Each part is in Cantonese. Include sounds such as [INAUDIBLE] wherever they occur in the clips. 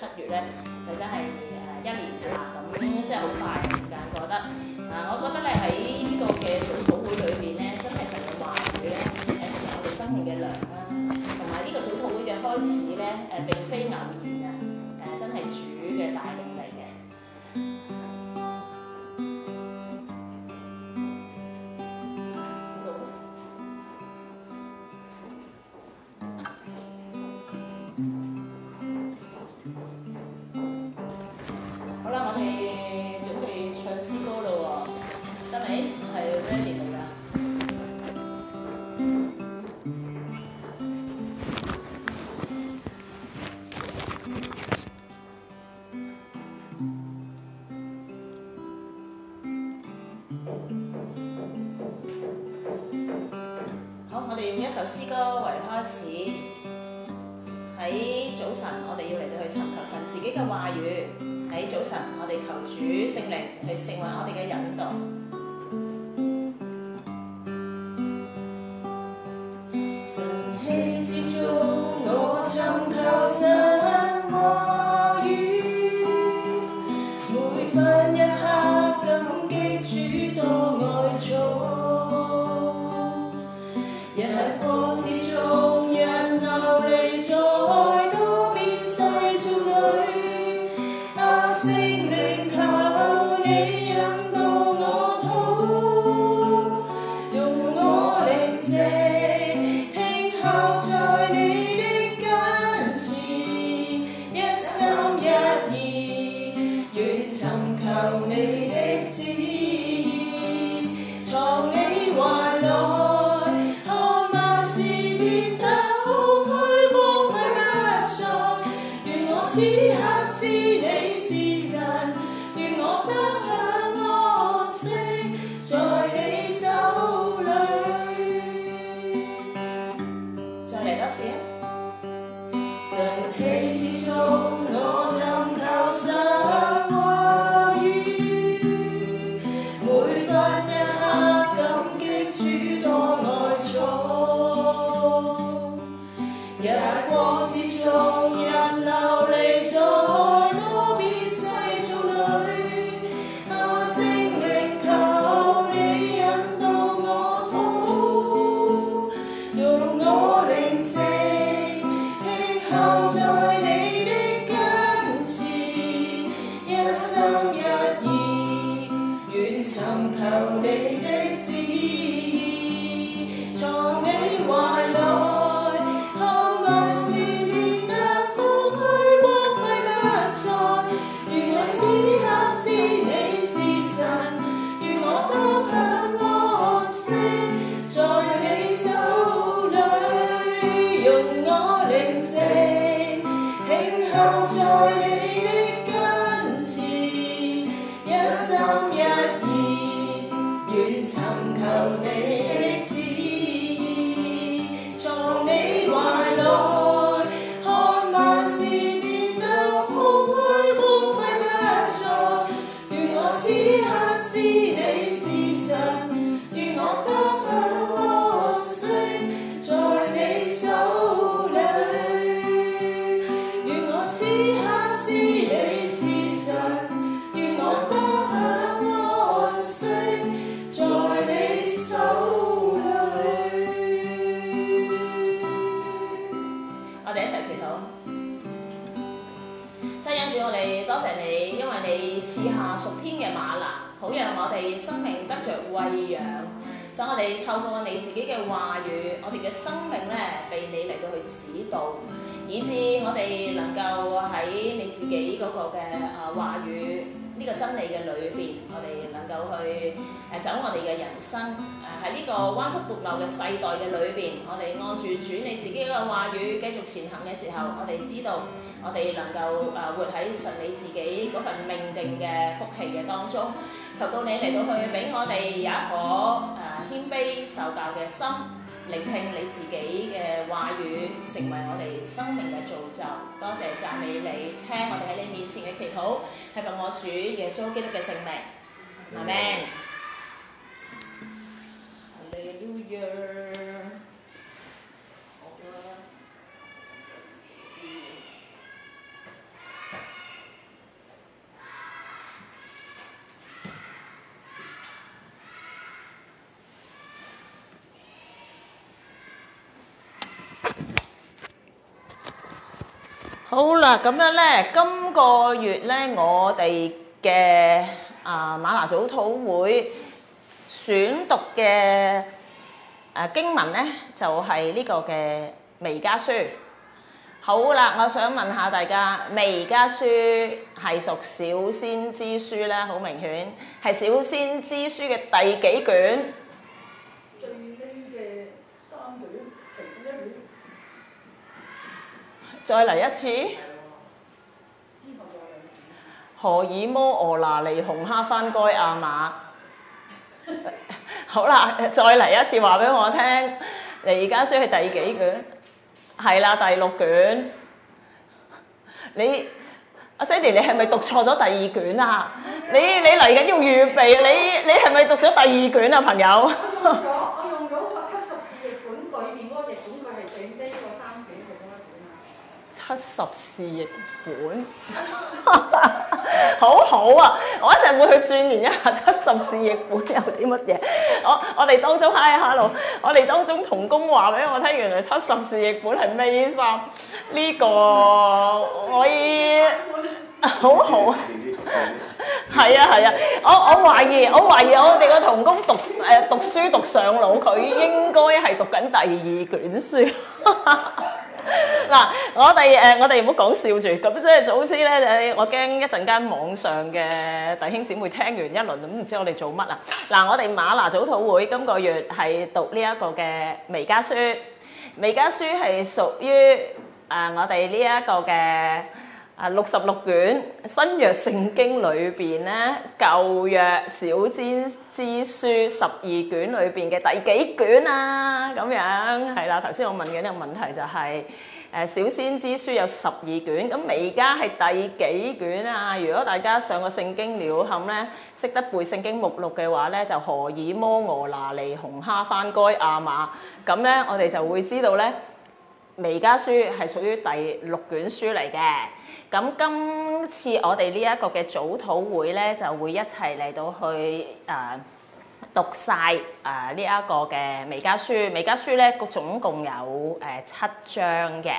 七月咧就真係。 [LAUGHS] 餵養，所以我哋透過你自己嘅話語，我哋嘅生命咧被你嚟到去指導，以至我哋能夠喺你自己嗰個嘅啊、呃、話語。呢個真理嘅裏邊，我哋能夠去誒、呃、走我哋嘅人生誒，喺呢個彎曲悖謬嘅世代嘅裏邊，我哋按住主你自己嘅話語繼續前行嘅時候，我哋知道我哋能夠誒、呃、活喺神你自己嗰份命定嘅福氣嘅當中，求告你嚟到去俾我哋有一顆誒謙卑受教嘅心。聆聽你自己嘅話語，成為我哋生命嘅造就。多謝讚美你，你聽我哋喺你面前嘅祈禱，係憑我主耶穌基督嘅聖名，阿門。好啦，咁樣咧，今個月咧，我哋嘅啊嗎哪早禱會選讀嘅誒經文咧，就係呢個嘅《彌迦書》。好啦，我想問下大家，《彌迦書》係屬小先知書咧，好明顯係小先知書嘅第幾卷？再嚟一次，何以摩俄那尼紅蝦翻蓋亞馬？好啦，再嚟一次，話俾我聽。你而家書係第幾卷？係啦，第六卷。你阿 Sandy，你係咪讀錯咗第二卷啊？你你，嚟緊要預備，你你係咪讀咗第二卷啊，朋友？七十士譯本， [LAUGHS] 好好啊！我一陣會去鑽研一下七十士譯本有啲乜嘢。我我哋當中嗨 [LAUGHS] i hello，我哋當中同工話俾我聽原來七十士譯本係咩衫？呢、這個我 [LAUGHS] 好好，係啊係啊！我、 [LAUGHS] 啊啊啊、我懷疑，我懷疑我哋個同工讀誒讀書讀上腦，佢應該係讀緊第二卷書。 [LAUGHS] 嗱， [LAUGHS] 我哋誒、呃，我哋唔好講笑住，咁即係總之咧誒，我驚一陣間網上嘅弟兄姊妹聽完一輪都唔知我哋做乜啊！嗱，我哋嗎哪早禱會今個月係讀呢一個嘅《彌迦書》，《彌迦書》係屬於誒、呃、我哋呢一個嘅。啊，六十六卷新約聖經裏邊咧，舊約小先知書十二卷裏邊嘅第幾卷啊？咁樣係啦，頭先我問嘅呢個問題就係，誒小先知書有十二卷，咁彌迦係第幾卷啊？如果大家上過聖經料冚咧，識得背聖經目錄嘅話咧，就何以摩俄拿尼紅蝦番該亞馬，咁咧我哋就會知道咧，彌迦書係屬於第六卷書嚟嘅。咁今次我哋呢一個嘅早禱會咧，就會一齊嚟到去誒讀曬誒呢一個嘅彌迦書。彌迦書咧總共有誒七章嘅，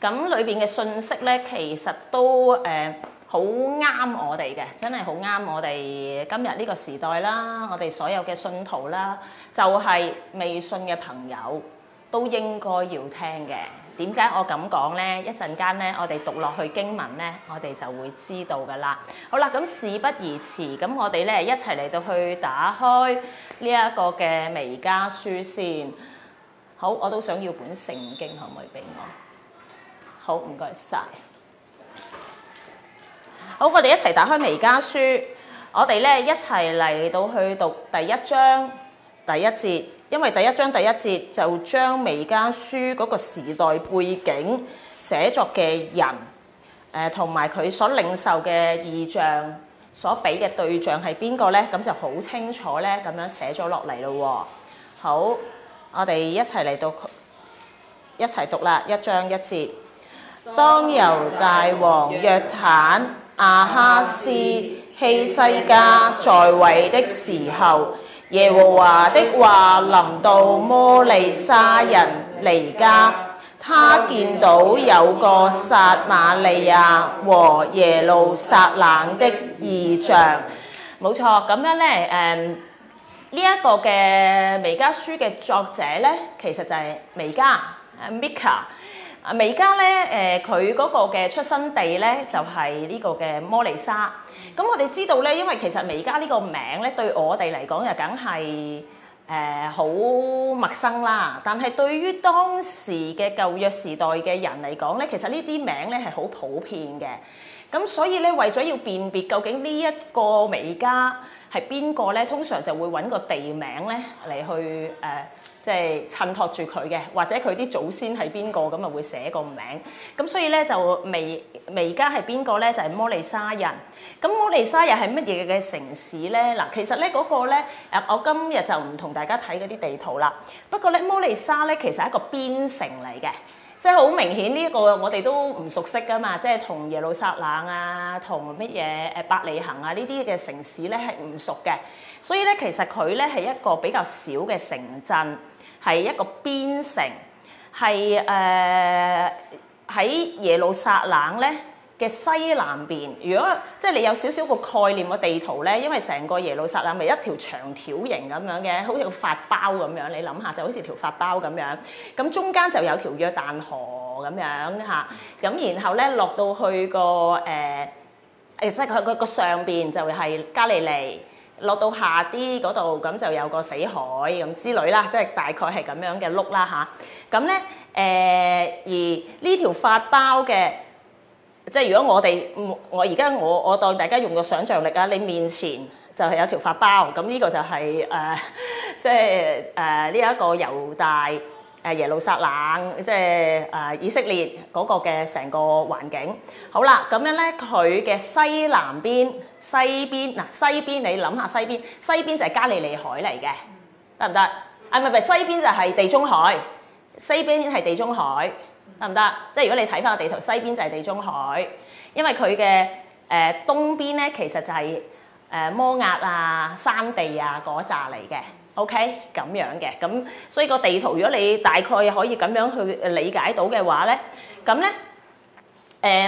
咁裏邊嘅信息咧，其實都誒好啱我哋嘅，真係好啱我哋今日呢個時代啦，我哋所有嘅信徒啦，就係未信嘅朋友都應該要聽嘅。點解我咁講咧？一陣間咧，我哋讀落去經文咧，我哋就會知道噶啦。好啦，咁事不宜遲，咁我哋咧一齊嚟到去打開呢一個嘅《彌迦書》先。好，我都想要本聖經，可唔可以俾我？好，唔該晒。好，我哋一齊打開《彌迦書》，我哋咧一齊嚟到去讀第一章第一節。因為第一章第一節就將《彌迦書》嗰個時代背景、寫作嘅人，誒同埋佢所領受嘅異象、所俾嘅對象係邊個呢？咁就好清楚咧，咁樣寫咗落嚟咯。好，我哋一齊嚟到一齊讀啦，一章一節。當猶大王約坦、亞哈斯、希西家在位的時候。耶和華的話臨到摩利沙人彌迦，他見到有個撒瑪利亞和耶路撒冷的異象。冇錯，咁樣咧，誒呢一個嘅彌迦書嘅作者咧，其實就係彌迦阿 Micah。阿彌迦咧，誒佢嗰個嘅出生地咧，就係、是、呢個嘅摩利沙。咁我哋知道咧，因為其實彌迦呢個名咧，對我哋嚟講又梗係誒好陌生啦。但係對於當時嘅舊約時代嘅人嚟講咧，其實呢啲名咧係好普遍嘅。咁所以咧，為咗要辨別究竟呢一個彌迦，係邊個咧？通常就會揾個地名咧嚟去誒，即、呃、係、就是、襯托住佢嘅，或者佢啲祖先係邊個咁啊？會寫個名。咁所以咧就彌迦係邊個咧？就係、是、摩利沙人。咁摩利沙又係乜嘢嘅城市咧？嗱，其實咧嗰、那個咧誒，我今日就唔同大家睇嗰啲地圖啦。不過咧摩利沙咧其實係一個邊城嚟嘅。即係好明顯，呢、這、一個我哋都唔熟悉噶嘛，即係同耶路撒冷啊，同乜嘢誒伯利恒啊呢啲嘅城市咧係唔熟嘅，所以咧其實佢咧係一個比較小嘅城鎮，係一個邊城，係誒喺耶路撒冷咧。嘅西南邊，如果即係你有少少個概念個地圖咧，因為成個耶路撒冷咪一條長條形咁樣嘅，好似個發包咁樣，你諗下就好似條發包咁樣。咁中間就有條約旦河咁樣嚇，咁然後咧落到去個誒、呃，即係佢佢個上邊就係加利利，落到下啲嗰度咁就有個死海咁之類啦，即係大概係咁樣嘅碌啦吓，咁咧誒，而呢條發包嘅。即係如果我哋我而家我我當大家用個想像力啊，你面前就係有條法包，咁呢個就係誒，即係誒呢一個猶大誒耶路撒冷，即係誒以色列嗰個嘅成個環境。好啦，咁樣咧，佢嘅西南邊、西邊嗱西邊，你諗下西邊，西邊就係加利利海嚟嘅，得唔得？啊唔係唔係，西邊就係地中海，西邊係地中海。得唔得？即係如果你睇翻個地圖，西邊就係地中海，因為佢嘅誒東邊咧，其實就係、是、誒、呃、摩亞啊、山地啊嗰紮嚟嘅，OK 咁樣嘅。咁所以個地圖如果你大概可以咁樣去理解到嘅話咧，咁咧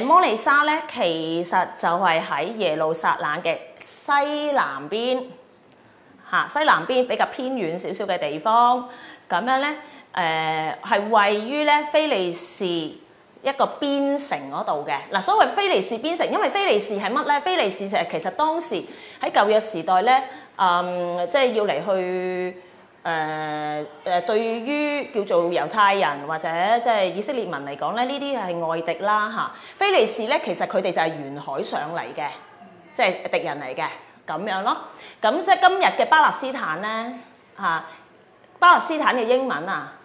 誒摩利沙咧，其實就係喺耶路撒冷嘅西南邊嚇、啊，西南邊比較偏遠少少嘅地方，咁樣咧。誒係、呃、位於咧非利士一個邊城嗰度嘅嗱，所謂非利士邊城，因為非利士係乜咧？非利士就係其實當時喺舊約時代咧，嗯，即、就、係、是、要嚟去誒誒、呃，對於叫做猶太人或者即係以色列民嚟講咧，呢啲係外敵啦嚇。非利士咧，其實佢哋就係沿海上嚟嘅，即係敵人嚟嘅咁樣咯。咁即係今日嘅巴勒斯坦咧嚇，巴勒斯坦嘅英文啊～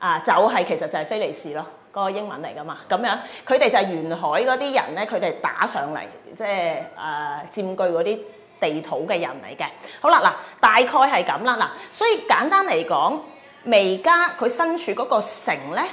啊，就係、是、其實就係菲利士咯，嗰、那個英文嚟㗎嘛，咁樣佢哋就係沿海嗰啲人咧，佢哋打上嚟，即係啊佔據嗰啲地土嘅人嚟嘅。好啦，嗱大概係咁啦，嗱，所以簡單嚟講，彌迦佢身處嗰個城咧，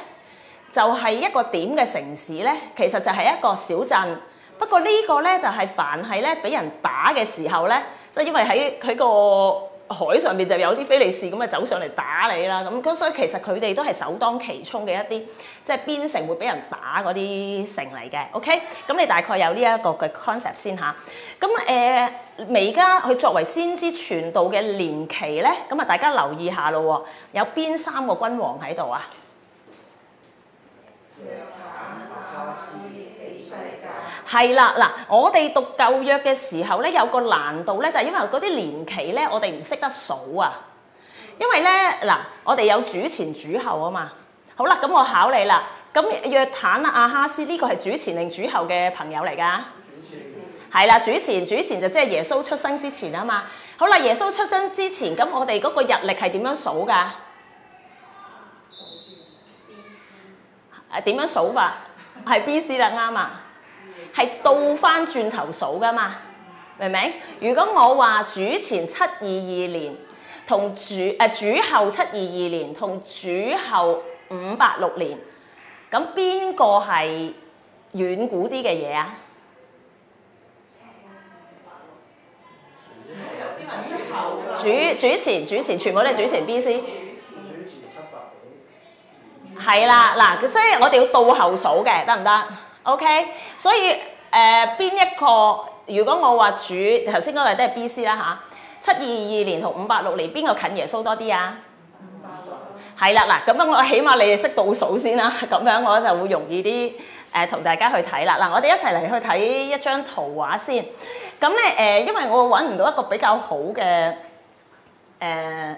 就係、是、一個點嘅城市咧，其實就係一個小鎮。不過個呢個咧就係、是、凡係咧俾人打嘅時候咧，即係因為喺佢個海上面就有啲非利士咁，啊，走上嚟打你啦，咁，咁所以其實佢哋都係首當其衝嘅一啲，即係邊城會俾人打嗰啲城嚟嘅。OK，咁你大概有呢一個嘅 concept 先吓，咁，誒，彌迦佢作為先知傳道嘅年期咧，咁啊大家留意下咯，有邊三個君王喺度啊？係啦，嗱，我哋讀舊約嘅時候咧，有個難度咧，就係因為嗰啲年期咧，我哋唔識得數啊。因為咧，嗱，我哋有主前主後啊嘛。好啦，咁我考你啦。咁約坦啊，亞哈斯呢個係主前定主後嘅朋友嚟噶？係啦主前，主前主前就即係耶穌出生之前啊嘛。好啦，耶穌出生之前，咁我哋嗰個日曆係點樣數噶？誒生，點樣數法？係 B.C. 啦，啱啊，係倒翻轉頭數㗎嘛，明唔明？如果我話主前七二二年同主誒、呃、主後七二二年同主後五八六年，咁邊個係遠古啲嘅嘢啊？主主前主前全部都係主前 B.C. 係啦，嗱，所以我哋要倒後數嘅，得唔得？OK，所以誒邊、呃、一個？如果我話主頭先嗰位都係 B、啊、C 啦吓，七二二年同五八六年邊個近耶穌多啲啊？五八六年。係啦，嗱，咁樣我起碼你哋識倒數先啦，咁樣我就會容易啲誒同大家去睇啦。嗱，我哋一齊嚟去睇一張圖畫先。咁咧誒，因為我揾唔到一個比較好嘅誒。呃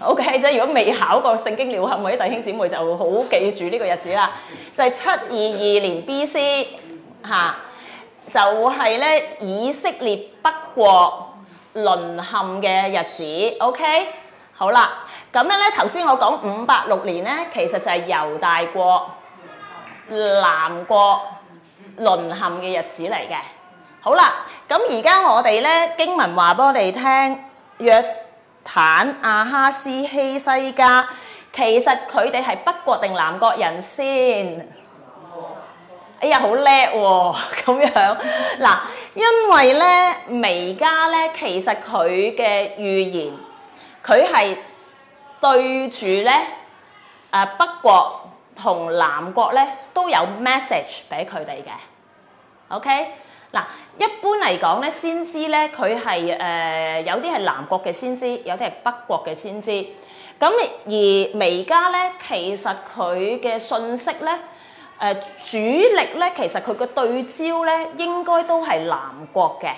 O、okay, K，即係如果未考過聖經鳥瞰，我啲弟兄姊妹就好記住呢個日子啦。就係七二二年 B C 嚇、啊，就係、是、咧以色列北國淪陷嘅日子。O、okay? K，好啦，咁樣咧頭先我講五八六年咧，其實就係猶大國南國淪陷嘅日子嚟嘅。好啦，咁而家我哋咧經文話俾我哋聽約。坦亞哈斯希西家，其實佢哋係北國定南國人先？哎呀，好叻喎！咁樣嗱，因為咧，彌迦咧，其實佢嘅預言，佢係對住咧，啊北國同南國咧都有 message 俾佢哋嘅。OK？嗱，一般嚟講咧，先知咧佢係誒有啲係南國嘅先知，有啲係北國嘅先知。咁而彌迦咧，其實佢嘅信息咧，誒、呃、主力咧，其實佢嘅對焦咧，應該都係南國嘅，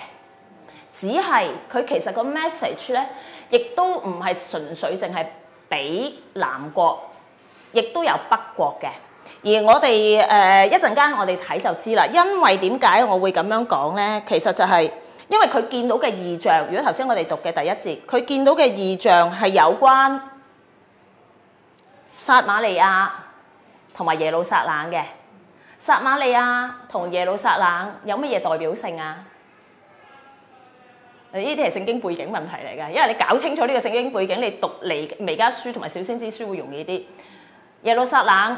只係佢其實個 message 咧，亦都唔係純粹淨係俾南國，亦都有北國嘅。而我哋誒一陣間，我哋睇就知啦。因為點解我會咁樣講咧？其實就係因為佢見到嘅異象。如果頭先我哋讀嘅第一節，佢見到嘅異象係有關撒瑪利亞同埋耶路撒冷嘅。撒瑪利亞同耶路撒冷有乜嘢代表性啊？呢啲係聖經背景問題嚟㗎。因為你搞清楚呢個聖經背景，你讀嚟《彌迦書》同埋《小先知書》會容易啲。耶路撒冷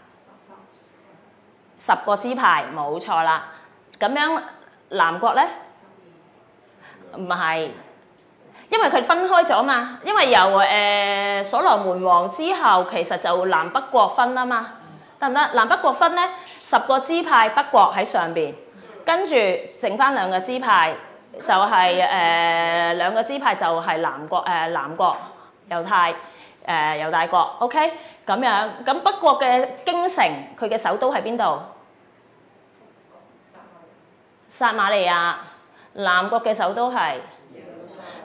十個支派，冇錯啦。咁樣南國咧，唔係，因為佢分開咗啊嘛。因為由誒所羅門王之後，其實就南北國分啊嘛。得唔得？南北國分咧，十個支派，北國喺上邊，跟住剩返兩個支派，就係誒兩個支派就係南國誒、呃、南國猶太誒猶大國，OK。咁樣，咁北國嘅京城，佢嘅首都喺邊度？撒瑪利亞，南國嘅首都係，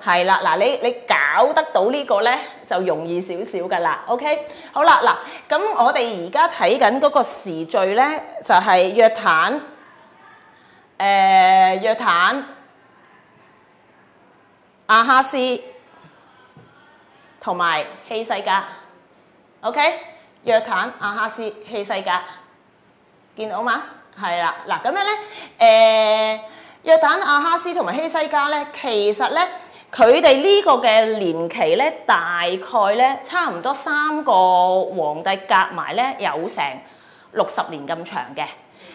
係啦，嗱你你搞得到呢個咧，就容易少少噶啦，OK，好啦，嗱，咁我哋而家睇緊嗰個時序咧，就係約坦，誒約坦，亞哈斯，同埋希西家。O.K. 約坦、阿哈斯、希西家見到嘛？係啦，嗱咁樣咧，誒約坦、阿哈斯同埋希西家咧，其實咧佢哋呢個嘅年期咧，大概咧差唔多三個皇帝夾埋咧，有成六十年咁長嘅，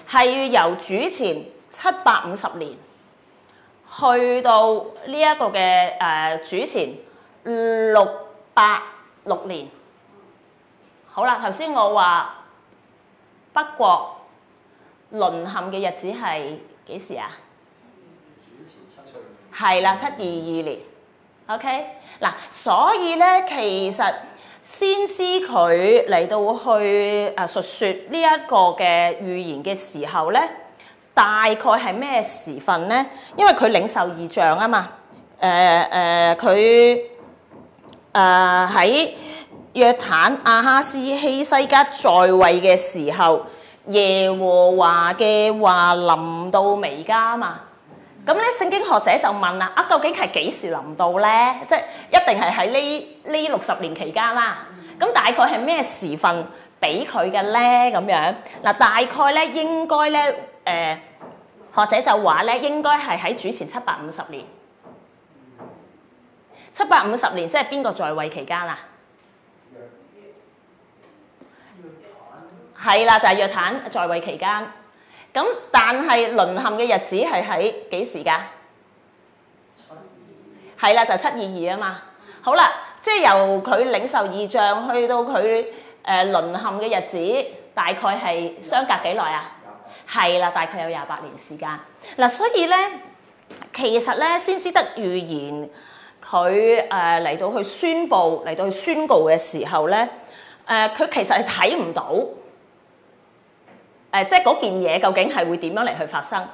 係要由主前七百五十年去到呢一個嘅誒、呃、主前六八六年。好啦，頭先我話北國淪陷嘅日子係幾時啊？係啦，七二二年。OK，嗱，所以咧，其實先知佢嚟到去啊述説呢一個嘅預言嘅時候咧，大概係咩時分咧？因為佢領受異象啊嘛，誒誒佢誒喺。呃約坦、亞、啊、哈斯、希西家在位嘅時候，耶和華嘅話臨到彌迦嘛？咁、嗯、咧，聖經學者就問啦：啊，究竟係幾時臨到咧？即係一定係喺呢呢六十年期間啦。咁大概係咩時份俾佢嘅咧？咁樣嗱、啊，大概咧應該咧誒，學者就話咧應該係喺主前七百五十年。七百五十年即係邊個在位期間啊？係啦，就係、是、約坦在位期間。咁但係淪陷嘅日子係喺幾時㗎？係啦，就七二二啊、就是、嘛。好啦，即係由佢領受異象，去到佢誒、呃、淪陷嘅日子，大概係相隔幾耐啊？係啦，大概有廿八年時間嗱、啊。所以咧，其實咧先知得預言，佢誒嚟到去宣布，嚟到去宣告嘅時候咧，誒、呃、佢其實係睇唔到。誒，即係嗰件嘢究竟係會點樣嚟去發生？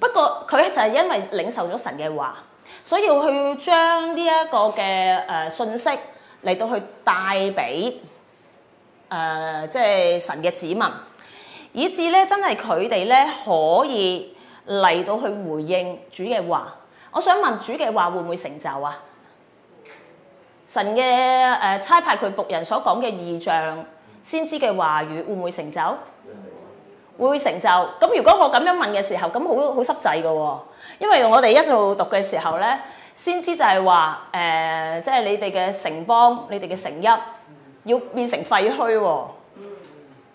不過佢就係因為領受咗神嘅話，所以要去將呢一個嘅誒信息嚟到去帶俾誒，即係神嘅子民，以致咧真係佢哋咧可以嚟到去回應主嘅話。我想問主嘅話會唔會成就啊？神嘅誒差派佢僕人所講嘅異象，先知嘅話語會唔會成就？會成就咁？如果我咁樣問嘅時候，咁好好濕滯嘅。因為我哋一做讀嘅時候咧，先知就係話，誒、呃，即係你哋嘅城邦，你哋嘅城邑要變成廢墟。咁、嗯、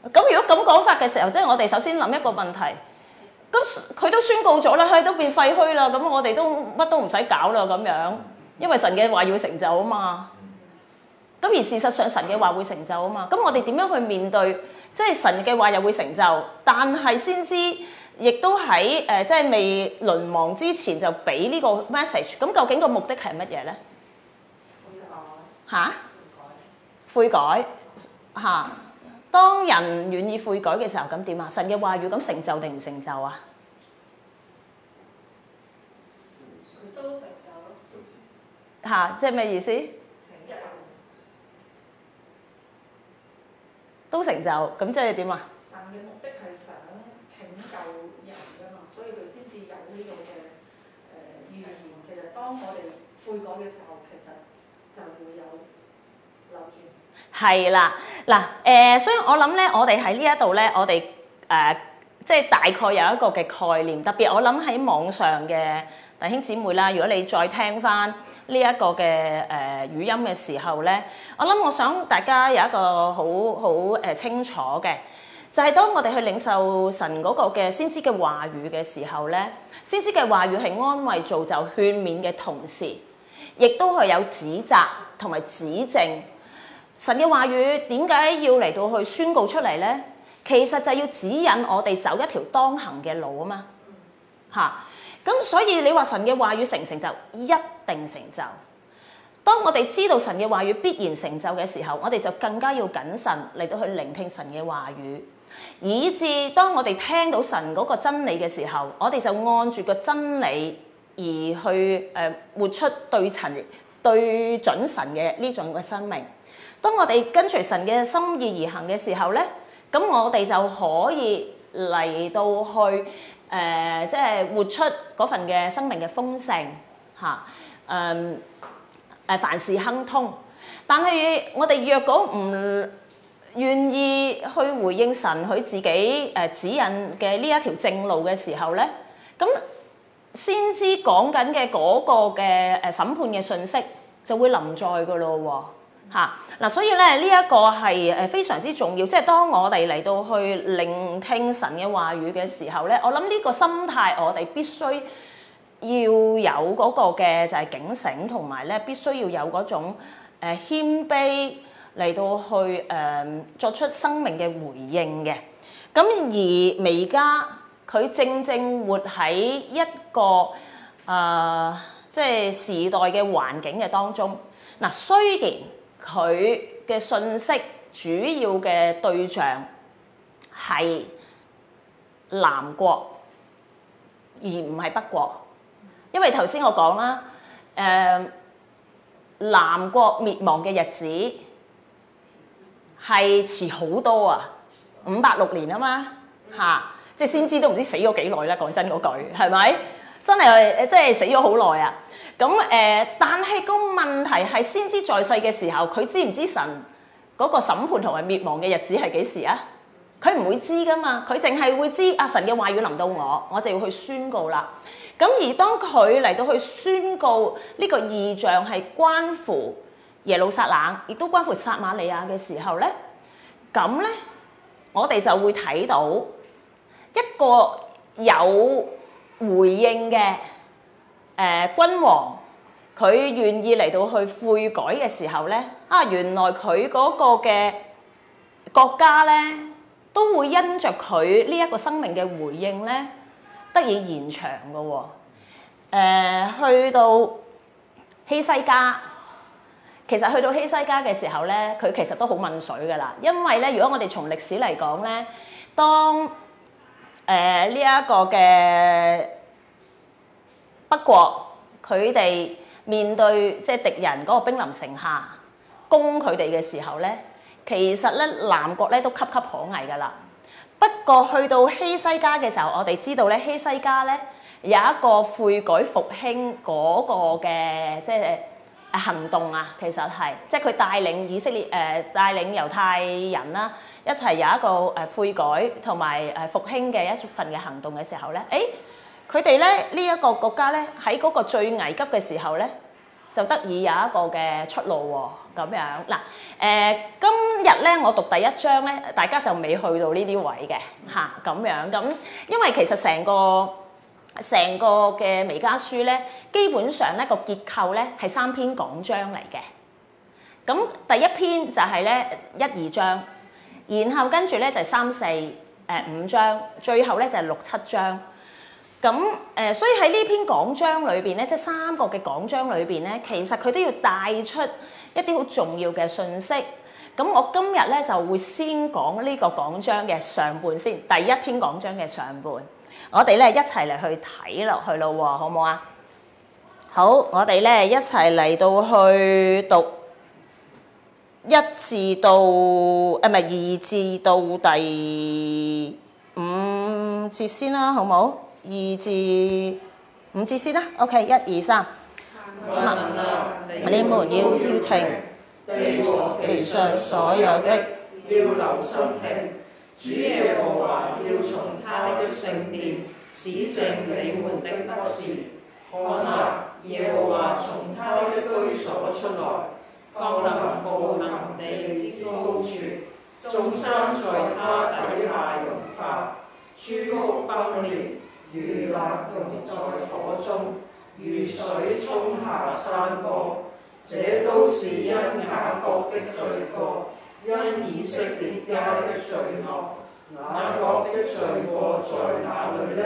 如果咁講法嘅時候，即係我哋首先諗一個問題。咁佢都宣告咗啦，佢都變廢墟啦。咁我哋都乜都唔使搞啦，咁樣，因為神嘅話要成就啊嘛。咁而事實上，神嘅話會成就啊嘛。咁我哋點樣去面對？即係神嘅話又會成就，但係先知亦都喺誒即係未淪亡之前就俾呢個 message。咁究竟個目的係乜嘢咧？悔改嚇，悔改嚇。當人願意悔改嘅時候，咁點啊？神嘅話語咁成就定唔成就啊？佢都成就囉，都成就囉。嚇，即係咩意思？都成就，咁即係點啊？神嘅目的係想拯救人㗎嘛，所以佢先至有呢個嘅誒預言。其實當我哋悔改嘅時候，其實就會有留住。係啦，嗱，誒，所以我諗咧，我哋喺呢一度咧，我哋誒即係大概有一個嘅概念。特別我諗喺網上嘅弟兄姊妹啦，如果你再聽返，呢一個嘅誒語音嘅時候咧，我諗我想大家有一個好好誒清楚嘅，就係當我哋去領受神嗰個嘅先知嘅話語嘅時候咧，先知嘅話語係安慰、造就、勸勉嘅同時，亦都係有指責同埋指正。神嘅話語點解要嚟到去宣告出嚟咧？其實就係要指引我哋走一條當行嘅路啊嘛，嚇。咁所以你話神嘅話語成唔成就？一定成就。當我哋知道神嘅話語必然成就嘅時候，我哋就更加要謹慎嚟到去聆聽神嘅話語，以致當我哋聽到神嗰個真理嘅時候，我哋就按住個真理而去誒活出對陳對準神嘅呢種嘅生命。當我哋跟隨神嘅心意而行嘅時候咧，咁我哋就可以嚟到去。誒、呃，即係活出嗰份嘅生命嘅豐盛嚇，誒、啊、誒、嗯啊，凡事亨通。但係我哋若果唔願意去回應神佢自己誒指引嘅呢一條正路嘅時候咧，咁先知講緊嘅嗰個嘅誒審判嘅信息就會臨在噶咯喎。嚇嗱、啊，所以咧呢一、這個係誒非常之重要，即係當我哋嚟到去聆聽神嘅話語嘅時候咧，我諗呢個心態，我哋必須要有嗰個嘅就係警醒，同埋咧必須要有嗰種誒謙卑嚟到去誒、呃、作出生命嘅回應嘅。咁而而家佢正正活喺一個啊、呃，即係時代嘅環境嘅當中嗱、啊，雖然。佢嘅信息主要嘅對象係南國，而唔係北國。因為頭先我講啦，誒、呃、南國滅亡嘅日子係遲好多啊，五八六年啊嘛，吓，即係先知都唔知死咗幾耐咧。講真嗰句係咪？真係誒，即係死咗好耐啊！咁誒，但係個問題係先知在世嘅時候，佢知唔知神嗰個審判同埋滅亡嘅日子係幾時啊？佢唔會知㗎嘛，佢淨係會知阿神嘅話語臨到我，我就要去宣告啦。咁而當佢嚟到去宣告呢個異象係關乎耶路撒冷，亦都關乎撒瑪利亞嘅時候咧，咁咧我哋就會睇到一個有回應嘅，誒、呃、君王，佢願意嚟到去悔改嘅時候咧，啊原來佢嗰個嘅國家咧，都會因着佢呢一個生命嘅回應咧，得以延長嘅喎、哦呃。去到希西家，其實去到希西家嘅時候咧，佢其實都好問水嘅啦，因為咧，如果我哋從歷史嚟講咧，當誒呢一個嘅北國，佢哋面對即係敵人嗰個兵臨城下攻佢哋嘅時候咧，其實咧，南國咧都岌岌可危㗎啦。不過去到希西家嘅時候，我哋知道咧，希西家咧有一個悔改復興嗰個嘅即係。誒行動啊，其實係即係佢帶領以色列誒帶領猶太人啦，一齊有一個誒悔改同埋誒復興嘅一份嘅行動嘅時候咧，誒佢哋咧呢一個國家咧喺嗰個最危急嘅時候咧，就得以有一個嘅出路喎，咁樣嗱誒今日咧我讀第一章咧，大家就未去到呢啲位嘅嚇咁樣咁，因為其實成個。成個嘅《彌迦書》咧，基本上咧個結構咧係三篇講章嚟嘅。咁第一篇就係咧一二章，然後跟住咧就係三四誒五章，最後咧就係六七章。咁誒，所以喺呢篇講章裏邊咧，即係三個嘅講章裏邊咧，其實佢都要帶出一啲好重要嘅信息。咁我今日咧就會先講呢個講章嘅上半先，第一篇講章嘅上半。我哋咧一齊嚟去睇落去咯，好唔好啊？好，我哋咧一齊嚟到去讀一至到，誒唔係二至到第五節先啦，好唔好？二至五節先啦，OK，一、二、三，我們問你們要你們要聽，其上所有的要留心聽。主耶和華要從他的聖殿指證你們的不是，可能耶和華從他的居所出來，降臨步行地之高處，眾山在他底下融化，諸谷崩裂，如蠟融在火中，如水沖下山坡，這都是因雅各的罪過。因以色列家的罪惡，雅各的罪過在哪裏呢？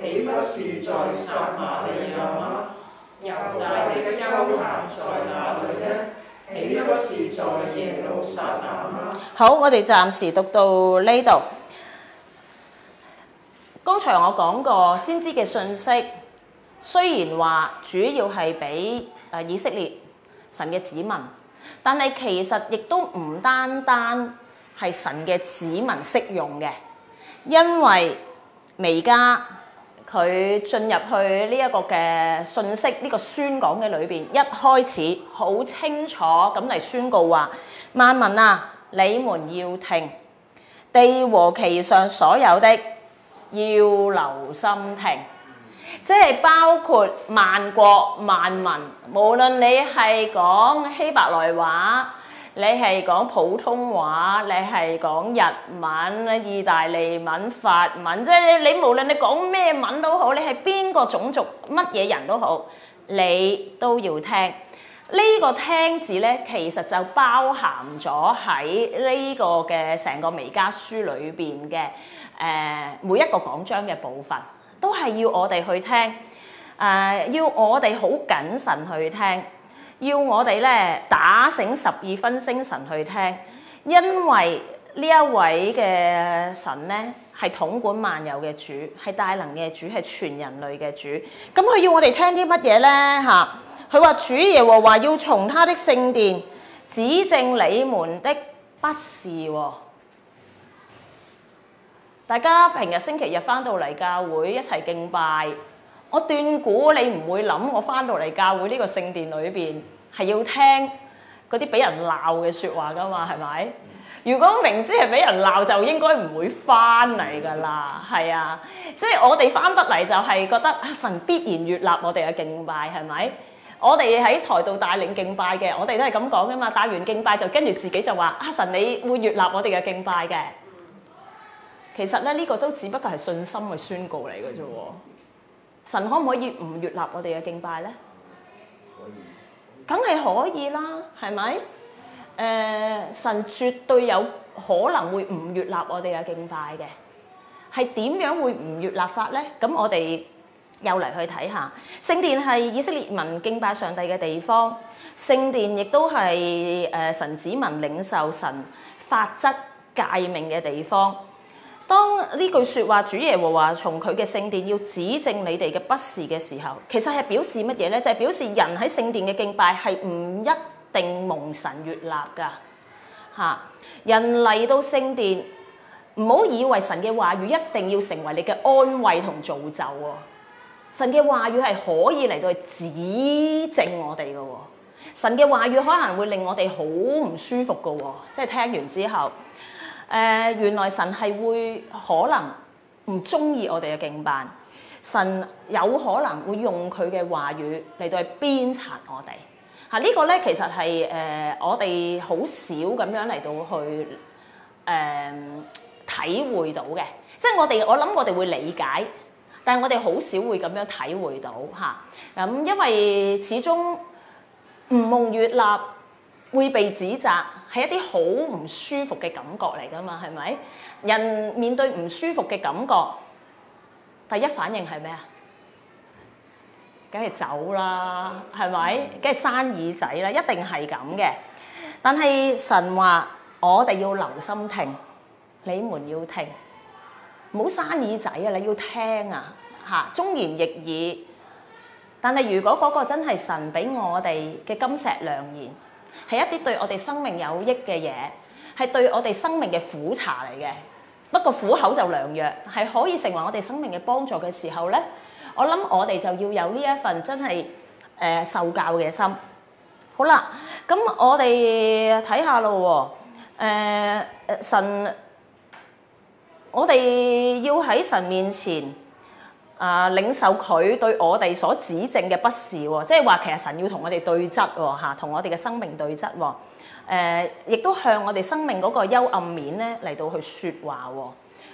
豈不是在撒瑪利亞嗎？猶大的邱壇在哪裏呢？豈不是在耶路撒冷嗎？好，我哋暫時讀到呢度。剛才我講過，先知嘅信息雖然話主要係俾誒以色列神嘅子民。但係其實亦都唔單單係神嘅子民適用嘅，因為彌迦佢進入去呢一個嘅信息呢、這個宣講嘅裏邊，一開始好清楚咁嚟宣告話：萬民啊，你們要聽，地和其上所有的，要留心聽。即係包括萬國萬民，無論你係講希伯來話，你係講普通話，你係講日文、意大利文、法文，即係你無論你講咩文都好，你係邊個種族、乜嘢人都好，你都要聽。呢個聽字咧，其實就包含咗喺呢個嘅成個《彌迦書》裏邊嘅誒每一個講章嘅部分。都係要我哋去聽，誒、呃、要我哋好謹慎去聽，要我哋咧打醒十二分精神去聽，因為呢一位嘅神咧係統管萬有嘅主，係大能嘅主，係全人類嘅主。咁佢要我哋聽啲乜嘢咧？嚇、啊，佢話主耶和華要從他的聖殿指正你們的不是，哦。」大家平日星期日翻到嚟教會一齊敬拜，我斷估你唔會諗我翻到嚟教會呢個聖殿裏邊係要聽嗰啲俾人鬧嘅説話㗎嘛？係咪？如果明知係俾人鬧，就應該唔會翻嚟㗎啦。係啊，即係我哋翻得嚟就係覺得阿神必然悦納我哋嘅敬拜，係咪？我哋喺台度帶領敬拜嘅，我哋都係咁講㗎嘛。帶完敬拜就跟住自己就話：阿神，你會悦納我哋嘅敬拜嘅。其實咧，呢個都只不過係信心嘅宣告嚟嘅啫。神可唔可以唔悅納我哋嘅敬拜咧？可以，梗係可以啦，係咪？誒，神絕對有可能會唔悅納我哋嘅敬拜嘅。係點樣會唔悅納法咧？咁我哋又嚟去睇下聖殿係以色列民敬拜上帝嘅地方，聖殿亦都係誒神子民領受神法則誡命嘅地方。當呢句說話主耶和華從佢嘅聖殿要指正你哋嘅不是嘅時候，其實係表示乜嘢咧？就係表示人喺聖殿嘅敬拜係唔一定蒙神悅納噶。吓，人嚟到聖殿，唔好以為神嘅話語一定要成為你嘅安慰同造就。神嘅話語係可以嚟到來指正我哋噶。神嘅話語可能會令我哋好唔舒服噶，即係聽完之後。誒、呃、原來神係會可能唔中意我哋嘅敬拜，神有可能會用佢嘅話語嚟，這個呃、到去鞭策我哋，嚇，呢個咧其實係誒我哋好少咁樣嚟到去誒體會到嘅。即係我哋我諗我哋會理解，但係我哋好少會咁樣體會到嚇。咁因為始終唔夢月立會被指責，係一啲好唔舒服嘅感覺嚟㗎嘛，係咪？人面對唔舒服嘅感覺，第一反應係咩啊？梗係走啦，係咪？梗係生耳仔啦，一定係咁嘅。但係神話，我哋要留心聽，你們要聽，冇生耳仔啊！你要聽啊，嚇，忠言逆耳。但係如果嗰個真係神俾我哋嘅金石良言。係一啲對我哋生命有益嘅嘢，係對我哋生命嘅苦茶嚟嘅。不過苦口就良藥，係可以成為我哋生命嘅幫助嘅時候咧，我諗我哋就要有呢一份真係誒受教嘅心。好啦，咁我哋睇下咯喎，誒神，我哋要喺神面前。啊！領受佢對我哋所指正嘅不是，即係話其實神要同我哋對質喎，同我哋嘅生命對質喎、呃，亦都向我哋生命嗰個幽暗面咧嚟到去説話喎。呃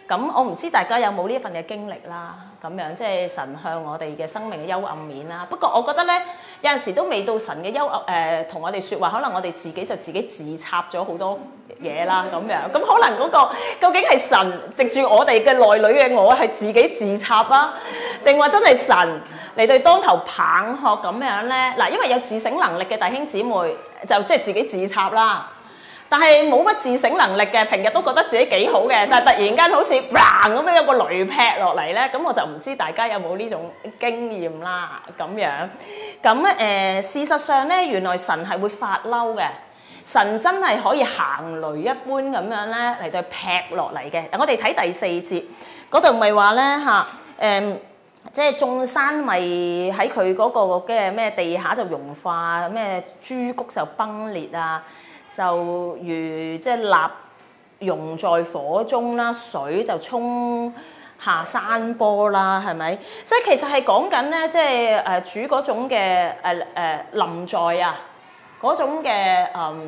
咁我唔知大家有冇呢一份嘅經歷啦，咁樣即係神向我哋嘅生命嘅幽暗面啦。不過我覺得咧，有陣時都未到神嘅幽暗，誒、呃、同我哋説話，可能我哋自己就自己自插咗好多嘢啦，咁樣。咁可能嗰、那個究竟係神藉住我哋嘅內裏嘅我係自己自插啊，定話真係神嚟對當頭棒喝咁樣咧？嗱，因為有自省能力嘅弟兄姊妹就即係自己自插啦、啊。但係冇乜自省能力嘅，平日都覺得自己幾好嘅，但係突然間好似嗙咁樣有個雷劈落嚟咧，咁我就唔知大家有冇呢種經驗啦咁樣。咁、嗯、誒、嗯，事實上咧，原來神係會發嬲嘅，神真係可以行雷一般咁樣咧嚟到劈落嚟嘅。我哋睇第四節嗰度咪話咧嚇，誒即係眾山咪喺佢嗰個嘅咩地下就融化，咩珠谷就崩裂啊！就如即係蠟融在火中啦，水就衝下山坡啦，係咪？即係其實係講緊咧，即係誒煮嗰種嘅誒誒臨在啊，嗰、呃呃、種嘅誒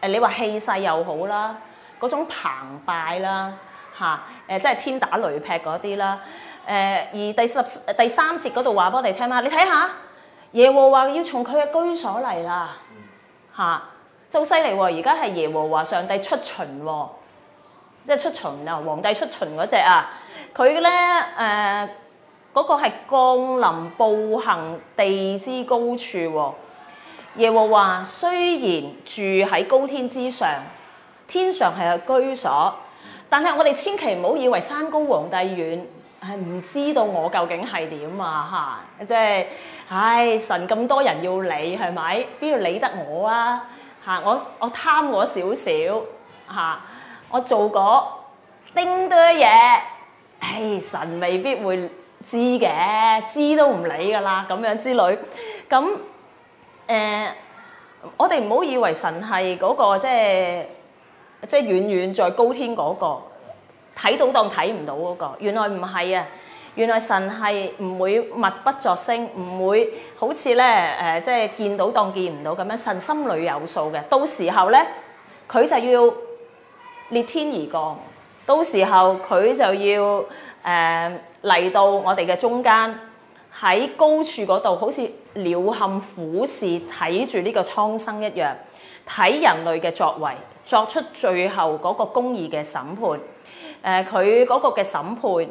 誒你話氣勢又好啦，嗰種澎湃啦嚇誒，即係天打雷劈嗰啲啦誒。而第十第三節嗰度話俾我哋聽啦，你睇下耶和華要從佢嘅居所嚟啦嚇。啊就犀利喎！而家係耶和華上帝出巡，即係出巡啊！皇帝出巡嗰隻啊，佢咧誒嗰個係降臨步行地之高處喎。耶和華雖然住喺高天之上，天上係個居所，但係我哋千祈唔好以為山高皇帝遠，係唔知道我究竟係點啊！嚇，即係唉，神咁多人要理係咪？邊度理得我啊！嚇！我我貪我少少嚇，我做過堆堆嘢，唉、哎！神未必會知嘅，知都唔理噶啦，咁樣之類。咁誒、呃，我哋唔好以為神係嗰個即係即係遠遠在高天嗰個睇到當睇唔到嗰個，原來唔係啊！原來神係唔會默不作聲，唔會好似咧誒，即係見到當見唔到咁樣。神心裡有數嘅，到時候咧佢就要裂天而降，到時候佢就要誒嚟到我哋嘅中間，喺高處嗰度，好似鳥瞰俯視睇住呢個蒼生一樣，睇人類嘅作為，作出最後嗰個公義嘅審判。誒，佢嗰個嘅審判。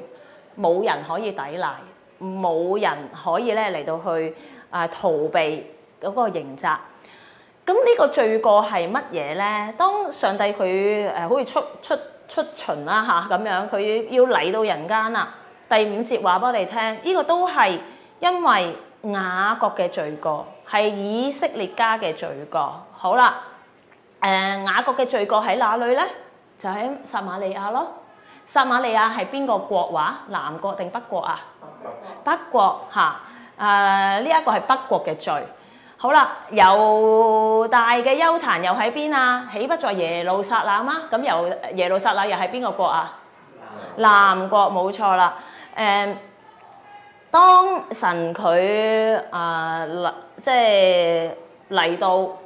冇人可以抵賴，冇人可以咧嚟到去啊逃避嗰個刑責。咁呢個罪過係乜嘢咧？當上帝佢誒好似出出出巡啦嚇咁樣，佢要嚟到人間啊！第五節話俾你聽，呢、這個都係因為雅各嘅罪過，係以色列家嘅罪過。好啦，誒、呃、雅各嘅罪過喺哪裏咧？就喺撒瑪利亞咯。撒瑪利亞係邊個國話？南國定北國啊？北國嚇，誒呢一個係北國嘅罪。好啦，猶大嘅邱壇又喺邊啊？豈不在耶路撒冷嗎？咁由耶路撒冷又係邊個國啊？南國冇錯啦。誒，當神佢啊，即係嚟到。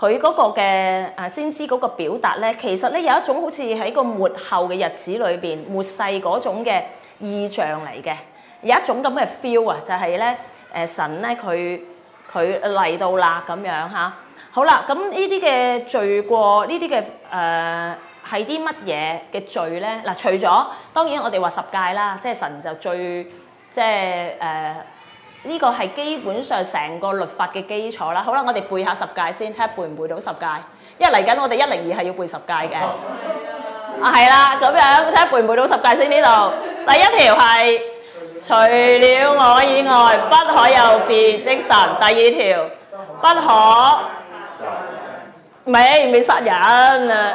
佢嗰個嘅誒先知嗰個表達咧，其實咧有一種好似喺個末後嘅日子裏邊末世嗰種嘅意象嚟嘅，有一種咁嘅 feel 啊，就係咧誒神咧佢佢嚟到啦咁樣嚇。好啦，咁呢啲嘅罪過，呃、罪呢啲嘅誒係啲乜嘢嘅罪咧？嗱，除咗當然我哋話十戒啦，即係神就罪，即係誒。呃呢個係基本上成個律法嘅基礎啦。好啦，我哋背下十誡先，睇下背唔背到十誡。因為嚟緊我哋一零二係要背十誡嘅。啊，係啦。咁樣，睇下背唔背到十誡先呢度。第一條係除了我以外，不可有別神。第二條，不可，咪未殺人啊！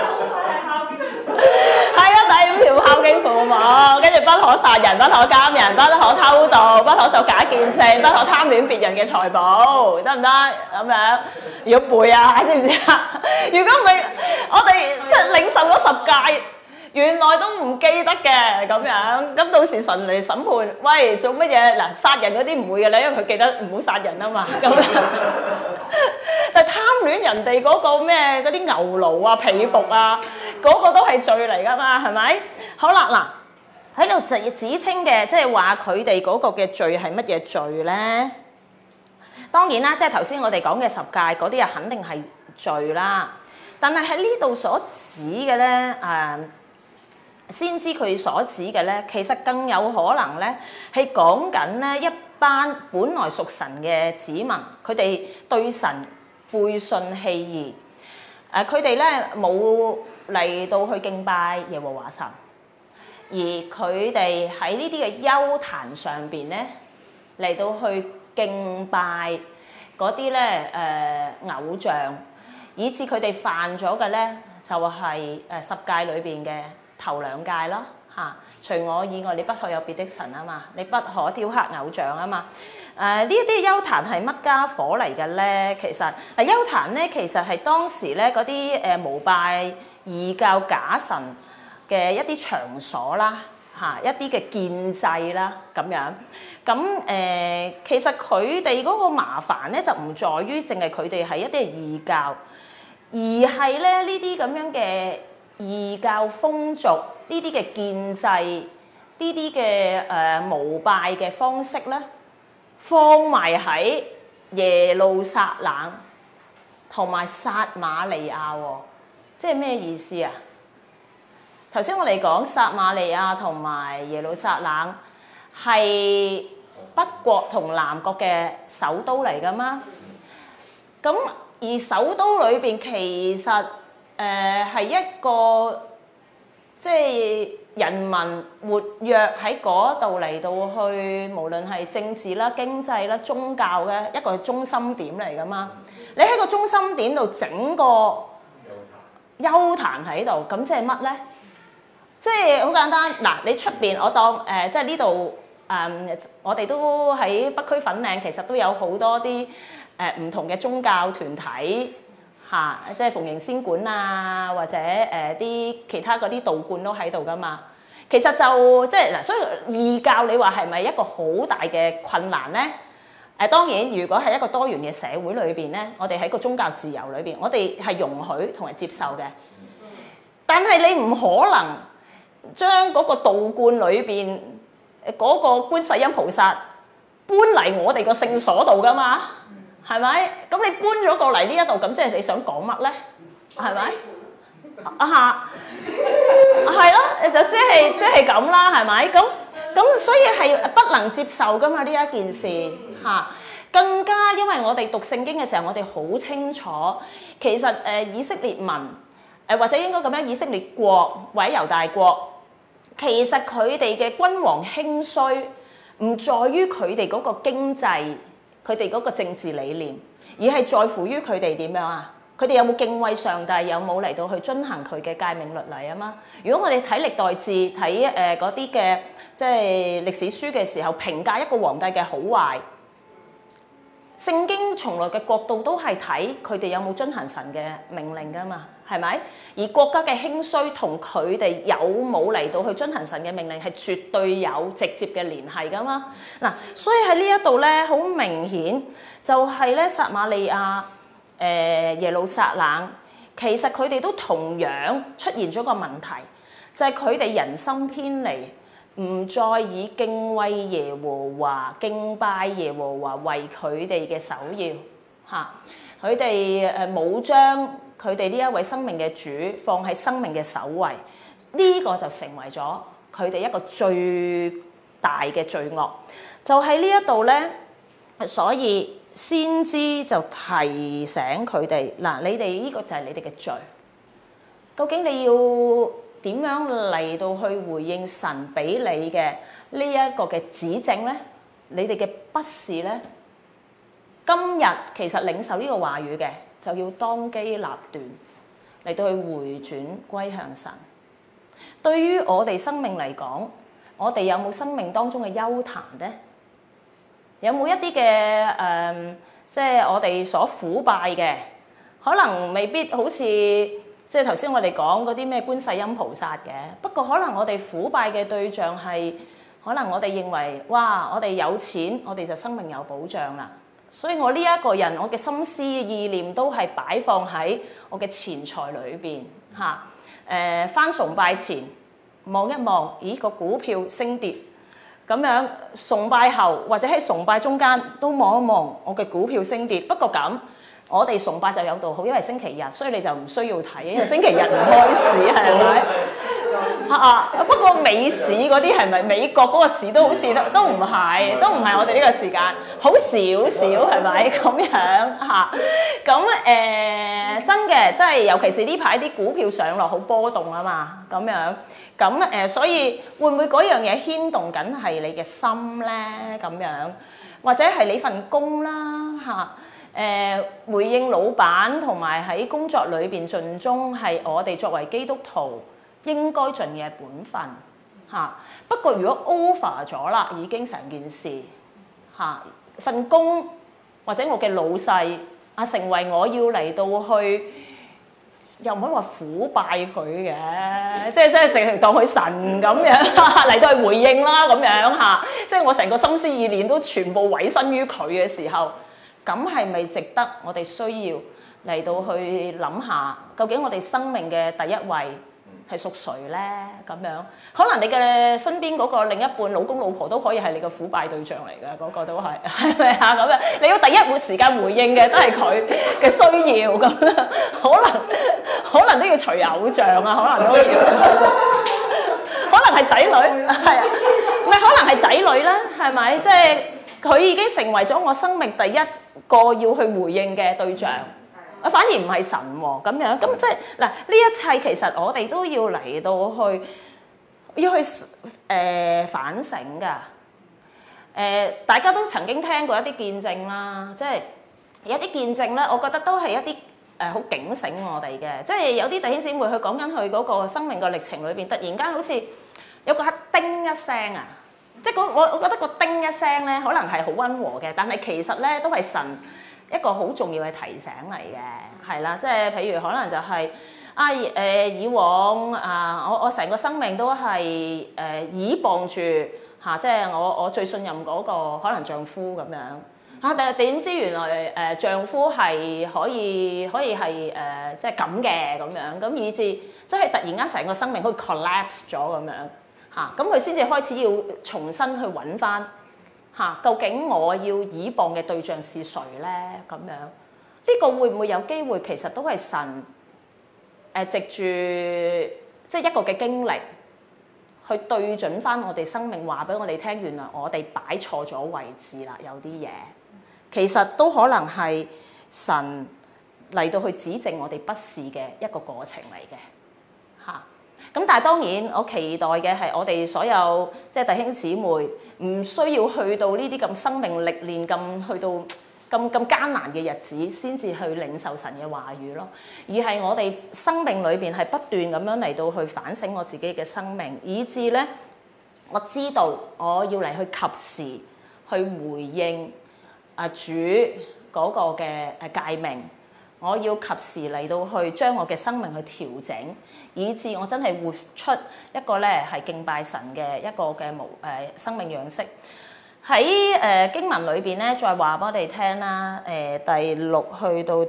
經父母，跟住不可殺人，不可姦人，不可偷盜，不可做假見證，不可貪戀別人嘅財寶，得唔得？咁樣要背啊，知唔知啊？如果唔係，我哋即係領受咗十誡，原來都唔記得嘅，咁樣，咁到時神嚟審判，喂，做乜嘢？嗱，殺人嗰啲唔會嘅咧，因為佢記得唔好殺人啊嘛。咁樣，但係貪戀人哋嗰個咩？嗰啲牛驢啊，皮服啊。嗰個都係罪嚟㗎嘛，係咪？好啦，嗱，喺度指指稱嘅，即係話佢哋嗰個嘅罪係乜嘢罪咧？當然啦，即係頭先我哋講嘅十戒嗰啲啊，肯定係罪啦。但係喺呢度所指嘅咧，誒，先知佢所指嘅咧，其實更有可能咧係講緊咧一班本來屬神嘅子民，佢哋對神背信棄義，誒，佢哋咧冇，嚟到去敬拜耶和華神，而佢哋喺呢啲嘅邱壇上邊咧，嚟到去敬拜嗰啲咧誒偶像，以致佢哋犯咗嘅咧就係、是、誒十誡裏邊嘅頭兩誡咯嚇、啊。除我以外，你不可有別的神啊嘛，你不可雕刻偶像啊嘛。誒呢啲邱壇係乜家伙嚟嘅咧？其實嗱邱壇咧，其實係當時咧嗰啲誒膜拜。異教假神嘅一啲場所啦，嚇一啲嘅建制啦，咁樣咁誒、呃，其實佢哋嗰個麻煩咧就唔在於淨係佢哋係一啲嘅異教，而係咧呢啲咁樣嘅異教風俗，呢啲嘅建制，呢啲嘅誒膜拜嘅方式咧，放埋喺耶路撒冷同埋撒瑪利亞喎。即係咩意思啊？頭先我哋講撒瑪利亞同埋耶路撒冷係北國同南國嘅首都嚟噶嘛。咁而首都裏邊其實誒係一個即係人民活躍喺嗰度嚟到去，無論係政治啦、經濟啦、宗教嘅一個中心點嚟噶嘛。你喺個中心點度整個邱壇喺度，咁即係乜咧？即係好簡單嗱，你出面我當誒、呃，即係呢度誒，我哋都喺北區粉嶺，其實都有好多啲誒唔同嘅宗教團體嚇、啊，即係蓬瀛仙館啊，或者誒啲、呃、其他嗰啲道觀都喺度噶嘛。其實就即係嗱，所以異教你話係咪一個好大嘅困難咧？誒當然，如果係一個多元嘅社會裏邊咧，我哋喺個宗教自由裏邊，我哋係容許同埋接受嘅。但係你唔可能將嗰個道觀裏邊嗰個觀世音菩薩搬嚟我哋個聖所度㗎嘛？係咪？咁你搬咗過嚟呢一度，咁即係你想講乜咧？係咪？啊吓，係咯，就即係即係咁啦，係咪？咁。咁所以係不能接受噶嘛，呢一件事嚇。更加因為我哋讀聖經嘅時候，我哋好清楚，其實誒以色列民誒或者應該咁樣以色列國或者猶大國，其實佢哋嘅君王興衰唔在於佢哋嗰個經濟，佢哋嗰個政治理念，而係在乎於佢哋點樣啊？佢哋有冇敬畏上帝？有冇嚟到去遵行佢嘅誡命律例啊嘛，如果我哋睇歷代志睇誒嗰啲嘅即係歷史書嘅時候，評價一個皇帝嘅好壞，聖經從來嘅角度都係睇佢哋有冇遵行神嘅命令噶嘛，係咪？而國家嘅興衰同佢哋有冇嚟到去遵行神嘅命令係絕對有直接嘅聯繫噶嘛。嗱，所以喺呢一度咧，好明顯就係咧，撒瑪利亞。誒耶路撒冷，其實佢哋都同樣出現咗個問題，就係佢哋人心偏離，唔再以敬畏耶和華、敬拜耶和華為佢哋嘅首要。嚇，佢哋誒冇將佢哋呢一位生命嘅主放喺生命嘅首位，呢個就成為咗佢哋一個最大嘅罪惡。就喺呢一度咧，所以。先知就提醒佢哋嗱，你哋呢個就係你哋嘅罪。究竟你要點樣嚟到去回應神俾你嘅呢一個嘅指正咧？你哋嘅不是咧？今日其實領受呢個話語嘅，就要當機立斷嚟到去回轉歸向神。對於我哋生命嚟講，我哋有冇生命當中嘅幽談咧？有冇一啲嘅誒，即係我哋所腐敗嘅，可能未必好似即係頭先我哋講嗰啲咩觀世音菩薩嘅。不過可能我哋腐敗嘅對象係，可能我哋認為哇，我哋有錢，我哋就生命有保障啦。所以我呢一個人，我嘅心思意念都係擺放喺我嘅錢財裏邊嚇。誒、呃，翻崇拜前望一望，咦，個股票升跌。咁樣崇拜後或者喺崇拜中間都望一望我嘅股票升跌，不過咁我哋崇拜就有道好，因為星期日，所以你就唔需要睇，因為星期日唔開市，係咪 [LAUGHS] 吧？ [LAUGHS] 啊啊！不過美市嗰啲係咪美國嗰個市都好似都都唔係，都唔係我哋呢個時間，好少少係咪咁樣嚇？咁誒、呃、真嘅，即係尤其是呢排啲股票上落好波動啊嘛，咁樣咁誒、呃，所以會唔會嗰樣嘢牽動緊係你嘅心咧？咁樣或者係你份工啦嚇？誒、呃，回應老闆同埋喺工作裏邊盡忠係我哋作為基督徒。應該盡嘅本分嚇。不過如果 over 咗啦，已經成件事嚇。份工或者我嘅老細啊，成為我要嚟到去，又唔可以話腐敗佢嘅，即係即係淨係當佢神咁樣嚟到去回應啦咁樣嚇。即係我成個心思意念都全部委身於佢嘅時候，咁係咪值得我哋需要嚟到去諗下，究竟我哋生命嘅第一位係屬誰呢咁樣，可能你嘅身邊嗰個另一半、老公、老婆都可以係你嘅腐敗對象嚟㗎，嗰、那個都係，係咪啊咁樣？你要第一時間回應嘅都係佢嘅需要咁，可能可能都要除偶像啊，可能都要，可能係仔女，係啊，唔係，可能係仔女啦，係咪？即係佢已經成為咗我生命第一個要去回應嘅對象。我反而唔係神喎，咁樣咁即係嗱，呢對一切其實我哋都要嚟到去，要去誒、呃、反省噶。誒、呃，大家都曾經聽過一啲見證啦，即係有啲見證咧，我覺得都係一啲誒好警醒我哋嘅。即係有啲弟兄姊妹去講緊佢嗰個生命嘅歷程裏邊，突然間好似有個叮一聲啊！即係我，我覺得個叮一聲咧，可能係好温和嘅，但係其實咧都係神。一個好重要嘅提醒嚟嘅，係啦，即係譬如可能就係啊誒以往啊，我我成個生命都係誒倚傍住嚇，即係我我最信任嗰、那個可能丈夫咁樣嚇、啊，但係點知原來誒、呃、丈夫係可以可以係誒、呃、即係咁嘅咁樣，咁以至即係突然間成個生命可以 collapse 咗咁樣嚇，咁佢先至開始要重新去揾返。嚇，究竟我要以傍嘅對象是誰咧？咁樣呢、這個會唔會有機會？其實都係神誒、呃，藉住即係一個嘅經歷去對準翻我哋生命，話俾我哋聽。原來我哋擺錯咗位置啦，有啲嘢其實都可能係神嚟到去指正我哋不是嘅一個過程嚟嘅。咁但係當然，我期待嘅係我哋所有即係弟兄姊妹，唔需要去到呢啲咁生命歷練咁去到咁咁艱難嘅日子，先至去領受神嘅話語咯。而係我哋生命裏邊係不斷咁樣嚟到去反省我自己嘅生命，以至咧我知道我要嚟去及時去回應阿主嗰個嘅誒誡命，我要及時嚟到去將我嘅生命去調整。以致我真係活出一個咧係敬拜神嘅一個嘅無誒生命樣式。喺誒經文裏邊咧，再話俾我哋聽啦。誒第六去到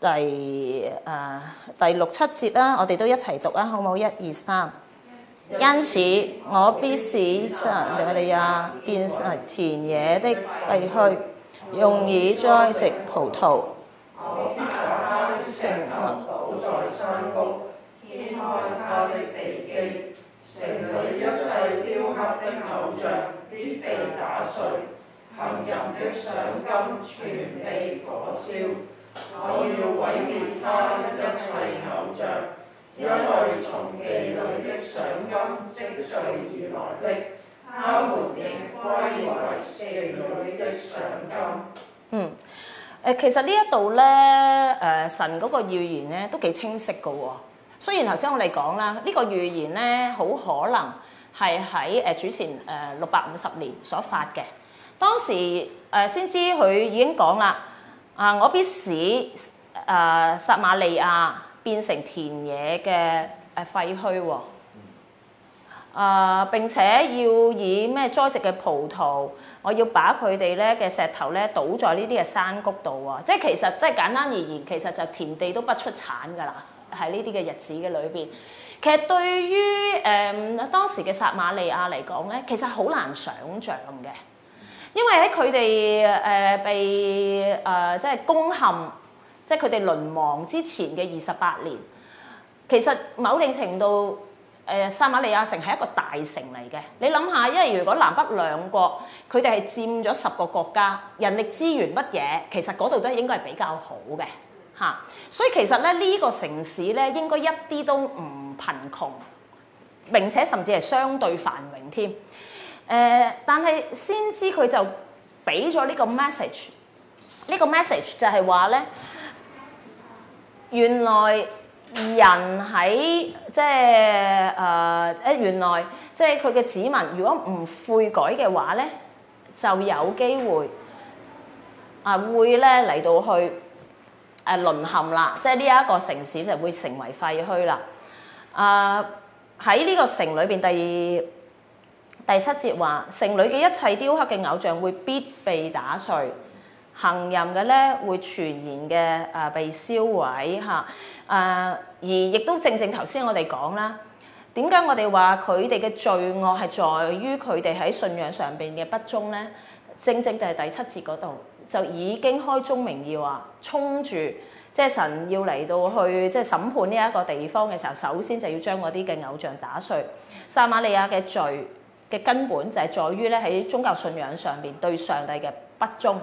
第啊第六七節啦，我哋都一齊讀啊，好唔好？一、二、三。Yes. 因此，我必使撒瑪利亞變成田野的廢墟，用以栽植葡萄。掀開他的地基，城裏一切雕刻的偶像必被打碎，行人的賞金全被火燒。我要毀滅他一切偶像，因為從妓女的賞金積聚而來的，他們應歸為妓女的賞金。嗯，誒、呃，其實呢一度咧，誒、呃，神嗰個預言咧都幾清晰噶喎、哦。雖然頭先我哋講啦，呢、這個預言咧好可能係喺誒主前誒六百五十年所發嘅。當時誒、呃、先知佢已經講啦，啊、呃、我必使誒、呃、撒瑪利亞變成田野嘅誒廢墟啊、呃、並且要以咩栽植嘅葡萄，我要把佢哋咧嘅石頭咧倒在呢啲嘅山谷度，即係其實即係簡單而言，其實就田地都不出產㗎啦。喺呢啲嘅日子嘅裏邊，其實對於誒當時嘅撒瑪利亞嚟講咧，其實好難想像嘅，因為喺佢哋誒被誒即係攻陷，即係佢哋淪亡之前嘅二十八年，其實某一定程度誒撒瑪利亞城係一個大城嚟嘅。你諗下，因為如果南北兩國佢哋係佔咗十個國家，人力資源乜嘢，其實嗰度都係應該係比較好嘅。嚇！所以其實咧，呢個城市咧應該一啲都唔貧窮，並且甚至係相對繁榮添。誒，但係先知佢就俾咗呢個 message，呢個 message 就係話咧，原來人喺即係誒誒，原來即係佢嘅子民，如果唔悔改嘅話咧，就有機會啊會咧嚟到去。誒淪陷啦，即係呢一個城市就會成為廢墟啦。啊，喺呢個城裏邊，第第七節話城裏嘅一切雕刻嘅偶像會必被打碎，行淫嘅咧會全然嘅啊、呃、被燒毀嚇。啊，而亦都正正頭先我哋講啦，點解我哋話佢哋嘅罪惡係在於佢哋喺信仰上邊嘅不忠咧？正正就係第七節嗰度。就已經開宗明義話，衝住即係神要嚟到去即係審判呢一個地方嘅時候，首先就要將嗰啲嘅偶像打碎。撒瑪利亞嘅罪嘅根本就係在於咧喺宗教信仰上邊對上帝嘅不忠，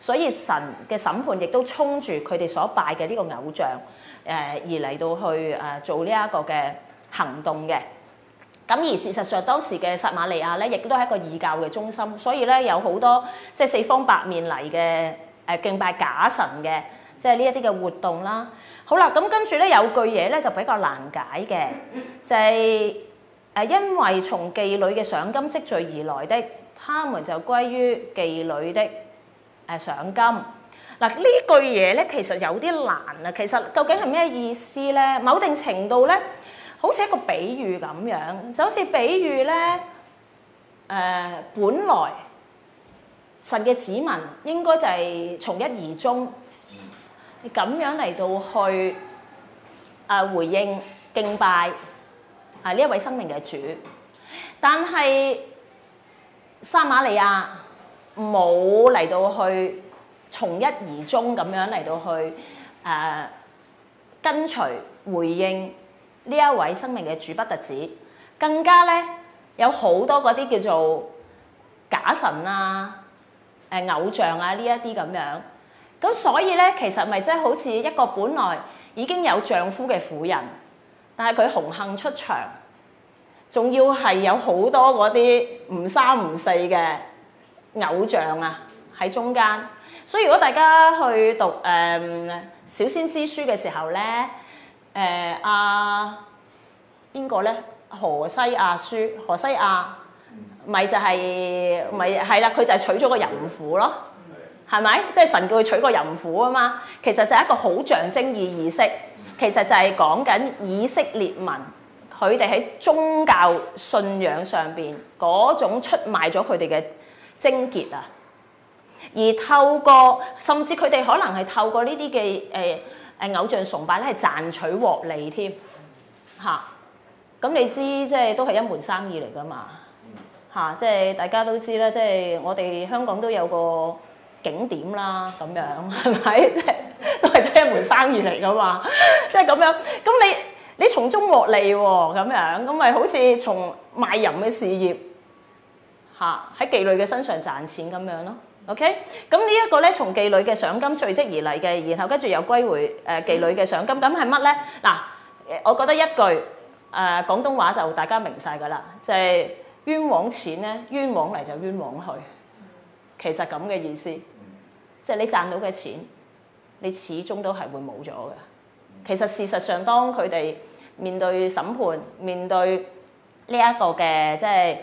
所以神嘅審判亦都衝住佢哋所拜嘅呢個偶像，誒而嚟到去誒做呢一個嘅行動嘅。咁而事實上，當時嘅撒瑪利亞咧，亦都係一個異教嘅中心，所以咧有好多即係四方八面嚟嘅誒敬拜假神嘅，即係呢一啲嘅活動啦。好啦，咁跟住咧有句嘢咧就比較難解嘅，就係誒因為從妓女嘅賞金積聚而來的，他們就歸於妓女的誒賞金。嗱呢句嘢咧其實有啲難啊，其實究竟係咩意思咧？某定程度咧。好似一個比喻咁樣，就好似比喻咧，誒、呃，本來神嘅子民應該就係從一而終，咁樣嚟到去啊、呃，回應敬拜啊呢一位生命嘅主，但係撒瑪利亞冇嚟到去從一而終咁樣嚟到去誒、呃，跟隨回應。呢一位生命嘅主唔單止，更加咧有好多嗰啲叫做假神啊、誒、呃、偶像啊呢一啲咁樣，咁所以咧其實咪即係好似一個本來已經有丈夫嘅婦人，但係佢紅杏出牆，仲要係有好多嗰啲唔三唔四嘅偶像啊喺中間。所以如果大家去讀誒、嗯、小先知書嘅時候咧，誒，阿邊個咧？荷西亞書，荷西亞咪就係咪係啦？佢就係娶咗個淫婦咯，係咪？即係神叫佢娶個淫婦啊嘛。其實就係一個好象徵儀意式，其實就係講緊以色列民佢哋喺宗教信仰上邊嗰種出賣咗佢哋嘅精結啊。而透過甚至佢哋可能係透過呢啲嘅誒。呃誒偶像崇拜咧係賺取獲利添，嚇、嗯！咁、啊、你知即係都係一門生意嚟噶嘛？嚇、嗯啊！即係大家都知啦，即係我哋香港都有個景點啦，咁樣係咪？即係都係真係一門生意嚟噶嘛？即係咁樣，咁你你從中獲利喎、啊，咁樣咁咪好似從賣淫嘅事業嚇喺妓女嘅身上賺錢咁樣咯。OK，咁呢一個咧，從妓女嘅賞金聚積而嚟嘅，然後跟住又歸回誒妓女嘅賞金，咁係乜咧？嗱，我覺得一句誒廣東話就大家明晒㗎喇，就係冤枉錢咧，冤枉嚟就冤枉去，其實咁嘅意思，即係你賺到嘅錢，你始終都係會冇咗嘅。其實事實上，當佢哋面對審判，面對呢一個嘅即係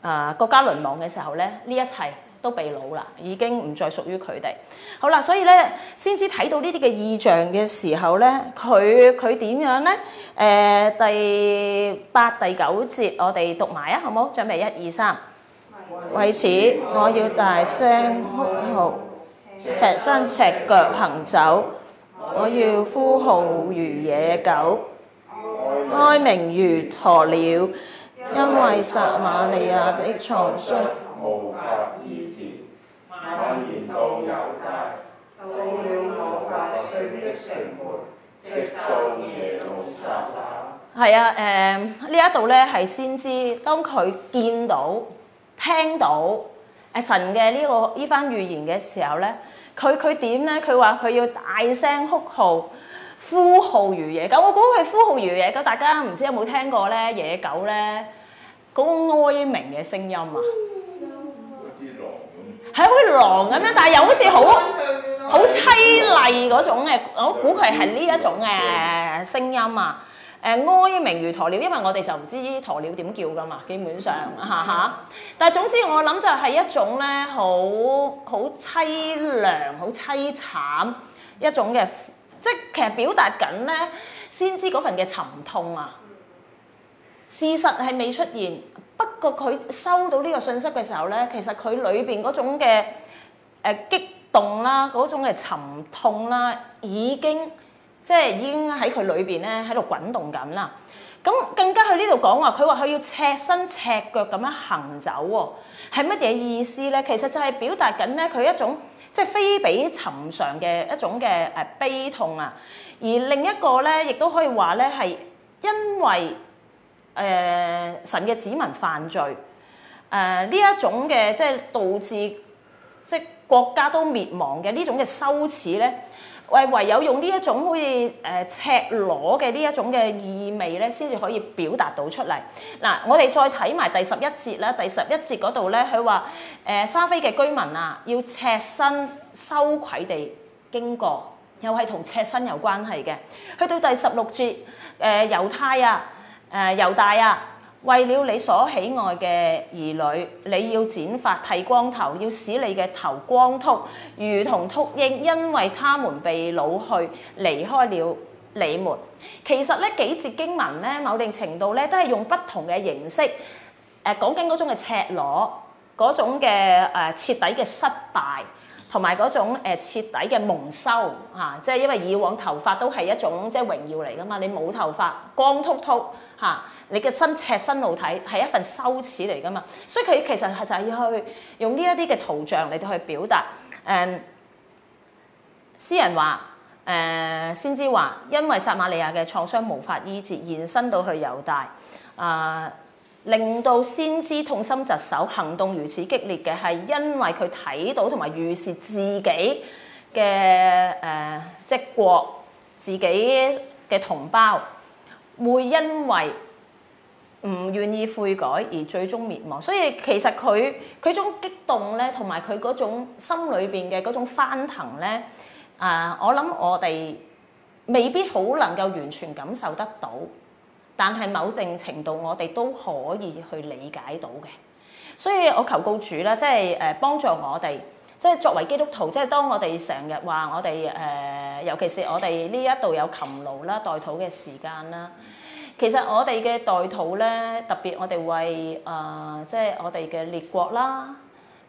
啊國家淪亡嘅時候咧，呢一切。都被老啦，已經唔再屬於佢哋。好啦，所以咧，先知睇到呢啲嘅異象嘅時候咧，佢佢點樣咧？誒第八第九節，我哋讀埋啊，好冇？準備，一二三，為此我要大聲呼號，赤身赤腳行走，我要呼號如野狗，哀鳴如鴕鳥，因為撒瑪利亞的創傷。無法醫治，蔓延到猶大。到了無法說的城門，直到耶路撒冷。係啊，誒、嗯，呢一度咧係先知，當佢見到、聽到誒、啊、神嘅呢、這個呢番預言嘅時候咧，佢佢點咧？佢話佢要大聲哭號、呼號如野狗。我估佢呼號如野狗，大家唔知有冇聽過咧？野狗咧嗰、那個哀鳴嘅聲音啊！係好似狼咁樣，但係又好似好好淒厲嗰種、嗯、我估佢係呢一種誒聲音啊，誒、嗯呃、哀鳴如鴕鳥，因為我哋就唔知鴕鳥點叫㗎嘛，基本上嚇嚇。但係總之我諗就係一種咧，好好淒涼、好淒慘一種嘅，即係其實表達緊咧先知嗰份嘅沉痛啊。事實係未出現。不過佢收到呢個信息嘅時候咧，其實佢裏邊嗰種嘅誒激動啦，嗰種嘅沉痛啦，已經即係、就是、已經喺佢裏邊咧喺度滾動緊啦。咁更加去呢度講話，佢話佢要赤身赤腳咁樣行走喎，係乜嘢意思咧？其實就係表達緊咧佢一種即係、就是、非比尋常嘅一種嘅誒悲痛啊。而另一個咧，亦都可以話咧係因為。誒、呃、神嘅子民犯罪，誒、呃、呢一種嘅即係導致即係國家都滅亡嘅呢種嘅羞恥咧，唯唯有用呢一種好似誒赤裸嘅呢一種嘅意味咧，先至可以表達到出嚟。嗱、呃，我哋再睇埋第十一節啦，第十一節嗰度咧，佢話誒沙斐嘅居民啊，要赤身羞愧地經過，又係同赤身有關係嘅。去到第十六節誒、呃、猶太啊。誒猶大啊，為了你所喜愛嘅兒女，你要剪髮剃光頭，要使你嘅頭光禿，如同禿鷹，因為他們被老去離開了你們。其實咧幾節經文咧，某定程度咧都係用不同嘅形式，誒講緊嗰種嘅赤裸，嗰種嘅誒徹底嘅失敗，同埋嗰種誒徹底嘅蒙羞啊，即係因為以往頭髮都係一種即係榮耀嚟㗎嘛，你冇頭髮光禿禿。吓！你嘅身赤身露體係一份羞恥嚟㗎嘛？所以佢其實係就係要去用呢一啲嘅圖像嚟到去表達。嗯，誒，詩人話：誒先知話，因為撒瑪利亞嘅創傷無法醫治，延伸到去猶大，啊、呃，令到先知痛心疾首，行動如此激烈嘅係因為佢睇到同埋預示自己嘅誒即國自己嘅同胞，會因為唔願意悔改而最終滅亡，所以其實佢佢種激動咧，同埋佢嗰種心裏邊嘅嗰種翻騰咧，啊、呃！我諗我哋未必好能夠完全感受得到，但係某定程度我哋都可以去理解到嘅，所以我求告主啦，即係誒幫助我哋。即係作為基督徒，即係當我哋成日話我哋誒、呃，尤其是我哋呢一度有勤勞啦代禱嘅時間啦，其實我哋嘅代禱咧，特別我哋為、呃、我啊，即係我哋嘅列國啦，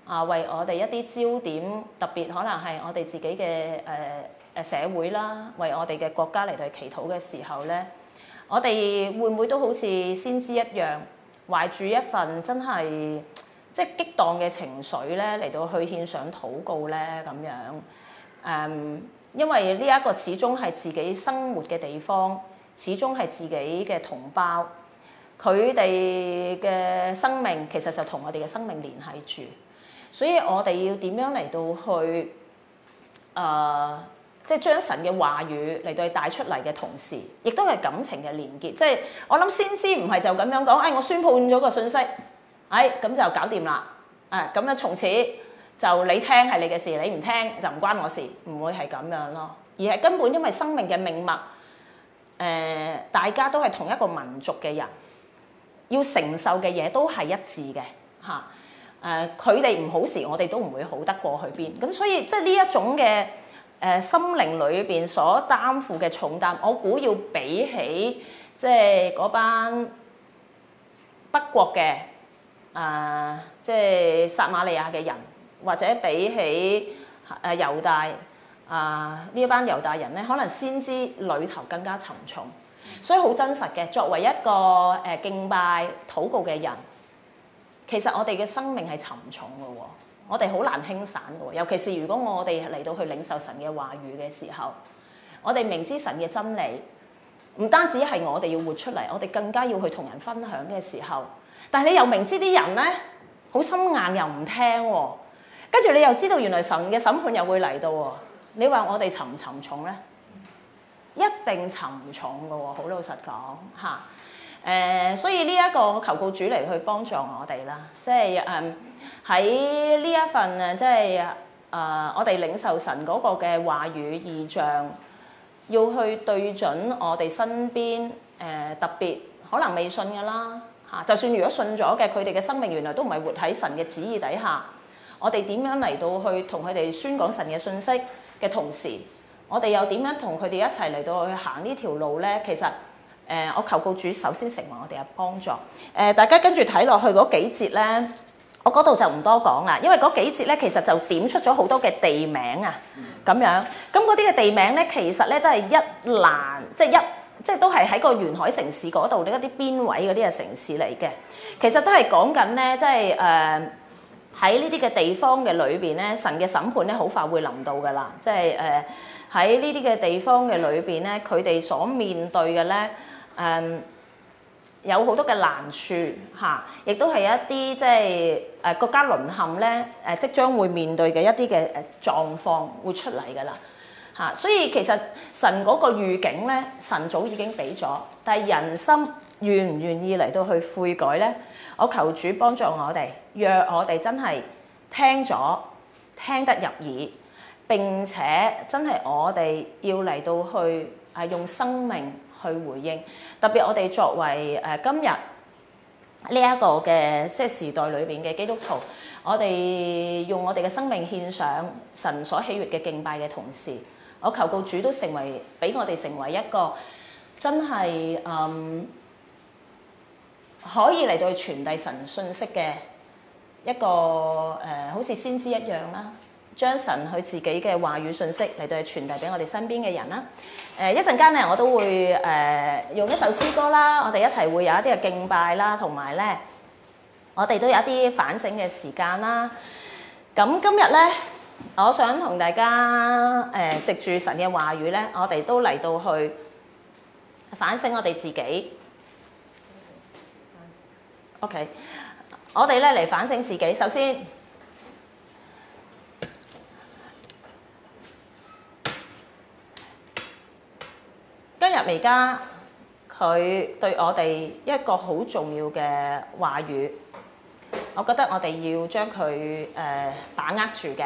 啊為我哋一啲焦點，特別可能係我哋自己嘅誒誒社會啦，為我哋嘅國家嚟到祈禱嘅時候咧，我哋會唔會都好似先知一樣，懷住一份真係即係激盪嘅情緒咧，嚟到去獻上禱告咧，咁樣誒、嗯，因為呢一個始終係自己生活嘅地方，始終係自己嘅同胞，佢哋嘅生命其實就同我哋嘅生命聯繫住，所以我哋要點樣嚟到去誒、呃，即係將神嘅話語嚟到帶出嚟嘅同時，亦都係感情嘅連結。即係我諗先知唔係就咁樣講，誒、哎，我宣判咗個信息。哎，咁就搞掂啦！啊，咁樣，從此就你聽係你嘅事，你唔聽就唔關我事，唔會係咁樣咯。而係根本因為生命嘅命脈，誒、呃，大家都係同一個民族嘅人，要承受嘅嘢都係一致嘅，嚇、啊。誒、呃，佢哋唔好時，我哋都唔會好得過去邊。咁、啊、所以即係呢一種嘅誒、呃、心靈裏邊所擔負嘅重擔，我估要比起即係嗰班北國嘅。啊，即係撒瑪利亞嘅人，或者比起誒猶大啊呢一、啊、班猶大人咧，可能先知裏頭更加沉重，所以好真實嘅。作為一個誒、啊、敬拜、禱告嘅人，其實我哋嘅生命係沉重嘅，我哋好難輕散嘅。尤其是如果我哋嚟到去領受神嘅話語嘅時候，我哋明知神嘅真理，唔單止係我哋要活出嚟，我哋更加要去同人分享嘅時候。但係你又明知啲人咧，好心硬又唔聽喎、哦，跟住你又知道原來神嘅審判又會嚟到喎，你話我哋沉唔沉重咧？一定沉重噶喎、哦，好老實講嚇。誒、啊，所以呢一個求告主嚟去幫助我哋啦，即係誒喺呢一份誒，即係啊，uh, 我哋領受神嗰個嘅話語、異象，要去對準我哋身邊誒、呃、特別可能未信嘅啦。嚇！就算如果信咗嘅，佢哋嘅生命原來都唔係活喺神嘅旨意底下。我哋點樣嚟到去同佢哋宣講神嘅信息嘅同時，我哋又點樣同佢哋一齊嚟到去行呢條路咧？其實，誒、呃，我求告主首先成為我哋嘅幫助。誒、呃，大家跟住睇落去嗰幾節咧，我嗰度就唔多講啦，因為嗰幾節咧其實就點出咗好多嘅地名啊，咁樣，咁嗰啲嘅地名咧，其實咧都係一欄，即、就、係、是、一。即係都係喺個沿海城市嗰度，呢一啲邊位嗰啲嘅城市嚟嘅。其實都係講緊咧，即係誒喺呢啲嘅地方嘅裏邊咧，神嘅審判咧好快會臨到噶啦。即係誒喺呢啲嘅地方嘅裏邊咧，佢哋所面對嘅咧誒有好多嘅難處嚇，亦都係一啲即係誒、呃、國家淪陷咧誒即將會面對嘅一啲嘅誒狀況會出嚟噶啦。嚇！所以其實神嗰個預警咧，神早已經俾咗，但係人心願唔願意嚟到去悔改咧？我求主幫助我哋，若我哋真係聽咗，聽得入耳，並且真係我哋要嚟到去係、啊、用生命去回應，特別我哋作為誒今日呢一個嘅即係時代裏邊嘅基督徒，我哋用我哋嘅生命獻上神所喜悅嘅敬拜嘅同時。我求告主都成為俾我哋成為一個真係嗯，可以嚟到去傳遞神信息嘅一個誒、呃，好似先知一樣啦，將神佢自己嘅話語信息嚟到去傳遞俾我哋身邊嘅人啦。誒一陣間咧，我都會誒、呃、用一首詩歌啦，我哋一齊會有一啲嘅敬拜啦，同埋咧我哋都有一啲反省嘅時間啦。咁今日咧。我想同大家誒、呃、藉住神嘅話語咧，我哋都嚟到去反省我哋自己。OK，我哋咧嚟反省自己。首先，今日彌迦佢對我哋一個好重要嘅話語，我覺得我哋要將佢誒把握住嘅。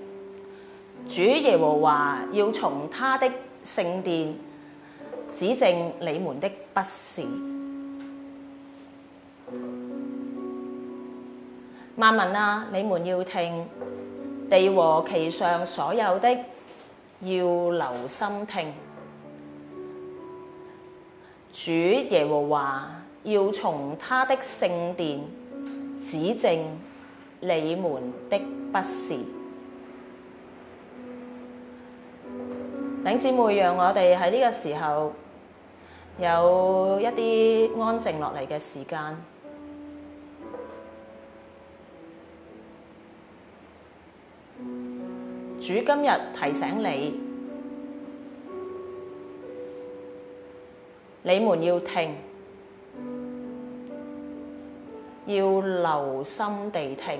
主耶和華要從他的聖殿指正你們的不是，萬民啊，你們要聽，地和其上所有的要留心聽，主耶和華要從他的聖殿指正你們的不是。領姊妹，讓我哋喺呢個時候有一啲安靜落嚟嘅時間。主今日提醒你，你們要聽，要留心地聽。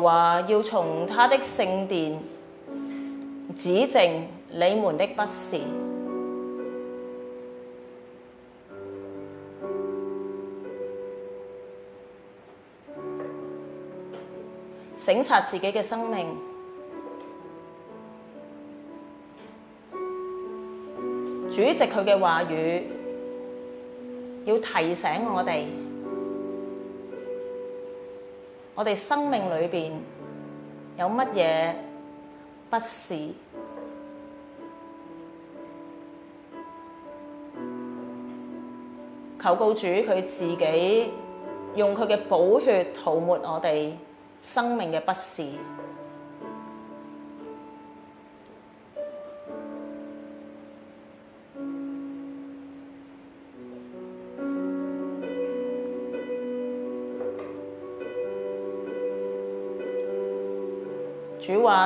話要從他的聖殿指證你們的不是，省察自己嘅生命，主席佢嘅話語，要提醒我哋。我哋生命裏邊有乜嘢不是？求告主佢自己用佢嘅寶血塗抹我哋生命嘅不是。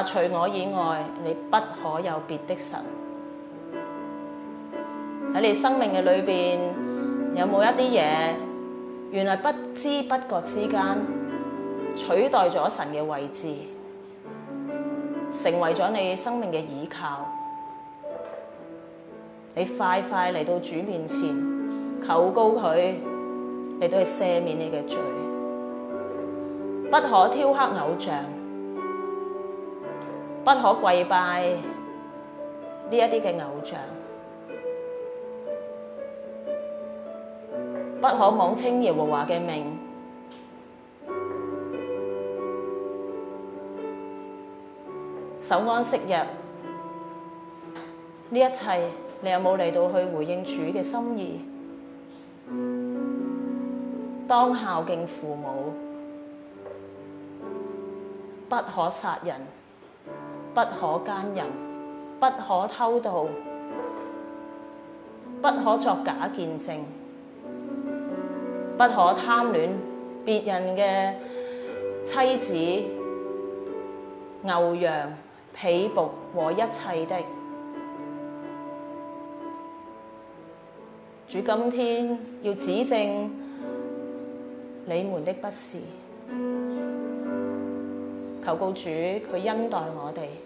除我以外，你不可有別的神。喺你生命嘅裏邊，有冇一啲嘢，原來不知不覺之間取代咗神嘅位置，成為咗你生命嘅倚靠？你快快嚟到主面前，求告佢你都係赦免你嘅罪，不可雕刻偶像。不可跪拜呢一啲嘅偶像， [NOISE] 不可妄稱耶和華嘅名。守 [NOISE] 安息日，呢 [NOISE] 一切你有冇嚟到去回應主嘅心意？ [NOISE] 當孝敬父母， [NOISE] 不可殺人。不可奸淫，不可偷盜，不可作假見證，不可貪戀別人嘅妻子、牛羊、婢僕和一切的。主今天要指正你們的不是，求告主佢恩待我哋。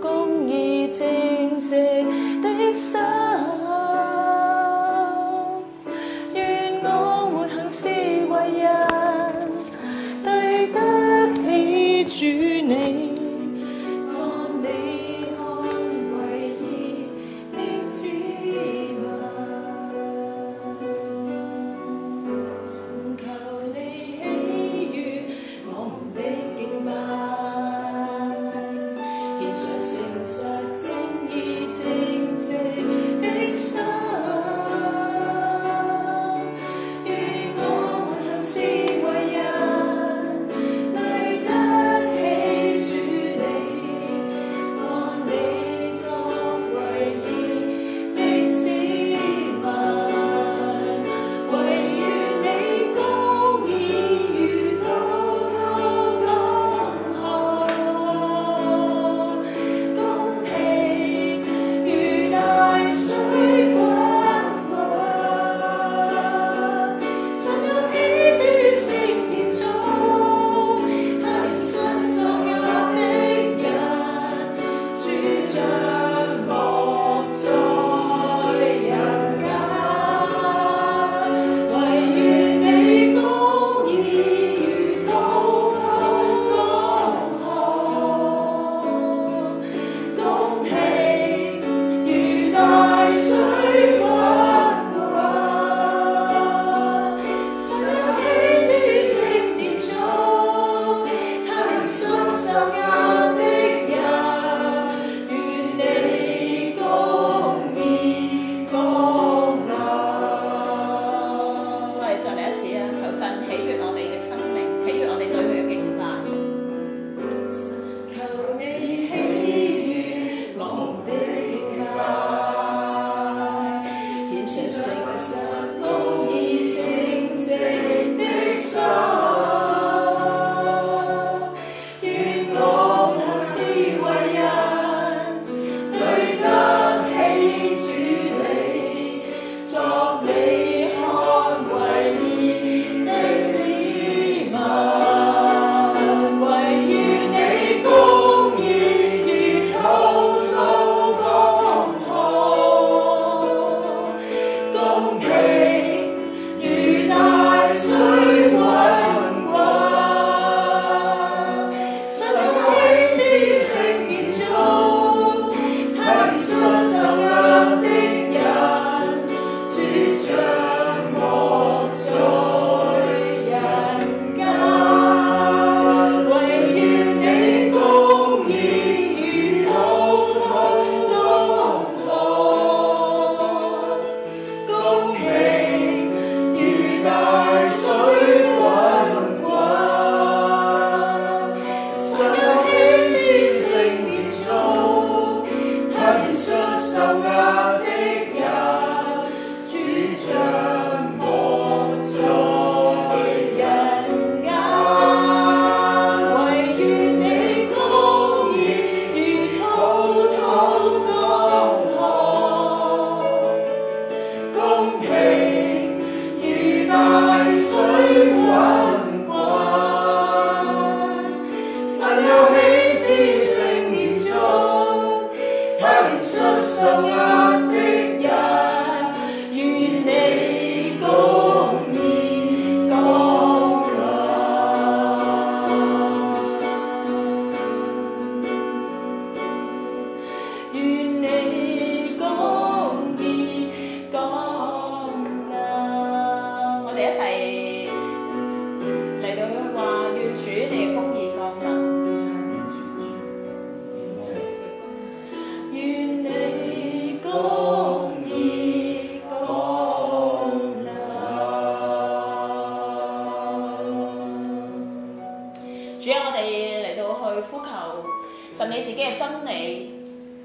就你自己嘅真理，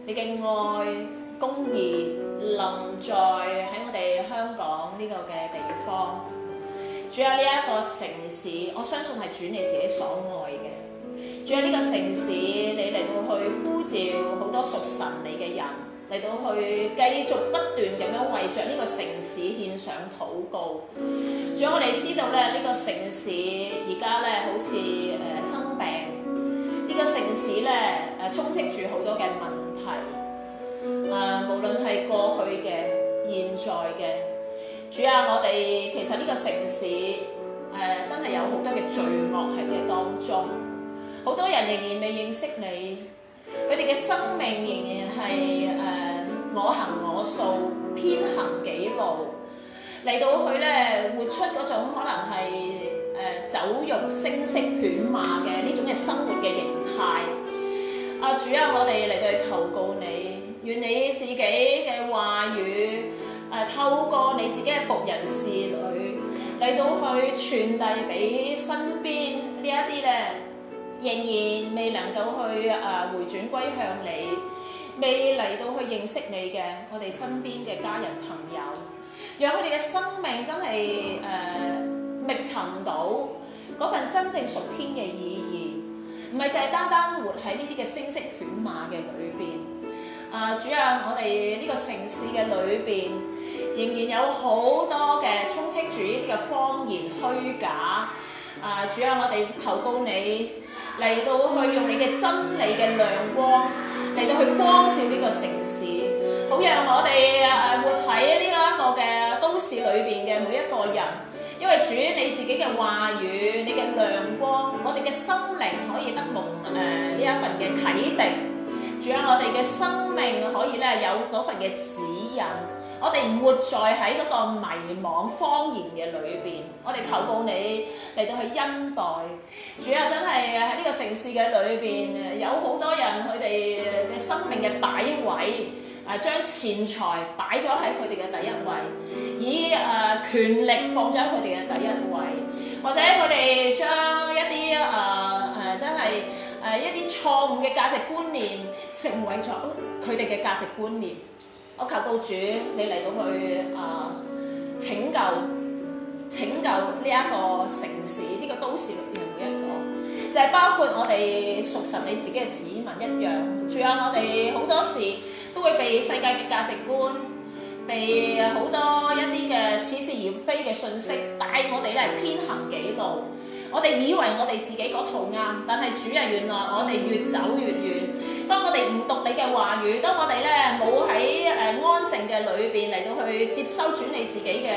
你嘅愛公義能在喺我哋香港呢個嘅地方。仲有呢一個城市，我相信係主你自己所愛嘅。仲有呢個城市，你嚟到去呼召好多屬神你嘅人，嚟到去繼續不斷咁樣為着呢個城市獻上禱告。仲有我哋知道咧，呢、呢個城市而家咧好似誒、呃、生病。呢個城市咧，誒、呃、充斥住好多嘅問題，誒、呃、無論係過去嘅、現在嘅，主啊，我哋其實呢個城市誒、呃、真係有好多嘅罪惡喺嘅當中，好多人仍然未認識你，佢哋嘅生命仍然係誒、呃、我行我素、偏行己路，嚟到去咧活出嗰種可能係。誒走肉聲色犬馬嘅呢種嘅生活嘅形態，阿、啊、主啊，我哋嚟到去求告你，願你自己嘅話語誒、啊、透過你自己嘅僕人侍女嚟到去傳遞俾身邊呢一啲咧仍然未能夠去誒、啊、回轉歸向你，未嚟到去認識你嘅我哋身邊嘅家人朋友，讓佢哋嘅生命真係誒。啊覓尋到嗰份真正屬天嘅意義，唔係淨係單單活喺呢啲嘅聲色犬馬嘅裏邊。啊、呃，主啊，我哋呢個城市嘅裏邊，仍然有好多嘅充斥住呢啲嘅謊言虛假。啊、呃，主啊，我哋求告你，嚟到去用你嘅真理嘅亮光嚟到去光照呢個城市，好讓我哋啊、呃、活喺呢一個嘅都市裏邊嘅每一個人。因為主你自己嘅話語，你嘅亮光，我哋嘅心靈可以得蒙誒呢一份嘅啟迪，主啊，我哋嘅生命可以咧有嗰份嘅指引，我哋唔再活在喺嗰個迷惘方言嘅裏邊，我哋求告你嚟到去恩待，主啊，真係喺呢個城市嘅裏邊，有好多人佢哋嘅生命嘅擺位。誒將錢財擺咗喺佢哋嘅第一位，以誒、呃、權力放咗佢哋嘅第一位，或者佢哋將一啲誒誒真係誒、呃、一啲錯誤嘅價值觀念成為咗佢哋嘅價值觀念。我求告主，你嚟到去誒、呃、拯救拯救呢一個城市，呢、這個都市裏邊每一個，就係、是、包括我哋屬神你自己嘅子民一樣，仲有我哋好多時。都會被世界嘅價值觀，被好多一啲嘅似是而非嘅信息帶我哋咧偏行己路。我哋以為我哋自己嗰套啱，但係主啊，原來我哋越走越遠。當我哋唔讀你嘅話語，當我哋咧冇喺誒安靜嘅裏邊嚟到去接收主你自己嘅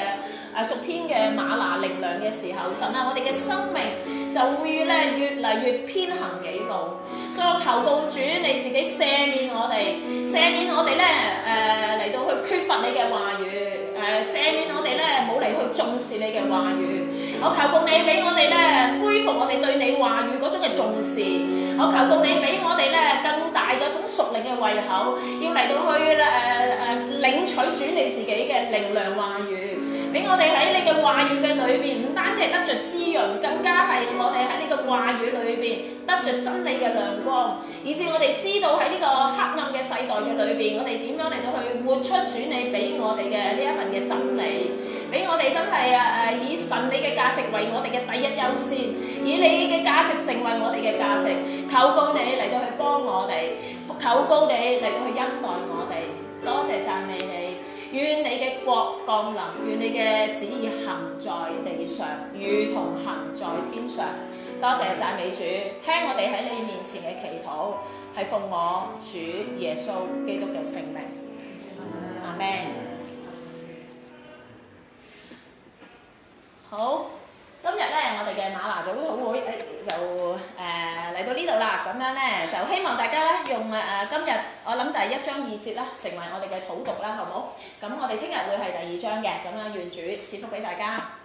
屬、啊、天嘅嗎哪力量嘅時候，神啊，我哋嘅生命就會咧越嚟越偏行己路，所以我求告主，你自己赦免我哋，赦免我哋咧，誒、呃、嚟到去缺乏你嘅話語，誒赦免我哋咧冇嚟去重視你嘅話語，我求告你俾我哋咧恢復我哋對你話語嗰種嘅重視，我求告你俾我哋咧更大嗰種屬靈嘅胃口，要嚟到去誒誒、呃、領取主你自己嘅力量話語。俾我哋喺你嘅話語嘅裏邊，唔單止係得着滋潤，更加係我哋喺呢個話語裏邊得着真理嘅亮光，以致我哋知道喺呢個黑暗嘅世代嘅裏邊，我哋點樣嚟到去活出主你俾我哋嘅呢一份嘅真理，俾我哋真係啊，誒，以神你嘅價值為我哋嘅第一優先，以你嘅價值成為我哋嘅價值，求告你嚟到去幫我哋，求告你嚟到去恩待我哋，多謝讚美你。願你嘅國降臨，願你嘅旨意行在地上，如同行在天上。多謝讚美主，聽我哋喺你面前嘅祈禱，係奉我主耶穌基督嘅聖名。阿門。好。今日咧，我哋嘅嗎哪早禱會誒、呃、就誒嚟、呃、到呢度啦，咁樣咧就希望大家咧用誒誒、呃、今日我諗第一章二節啦，成為我哋嘅禱讀啦，好唔好？咁、嗯、我哋聽日會係第二章嘅，咁樣願主賜福俾大家。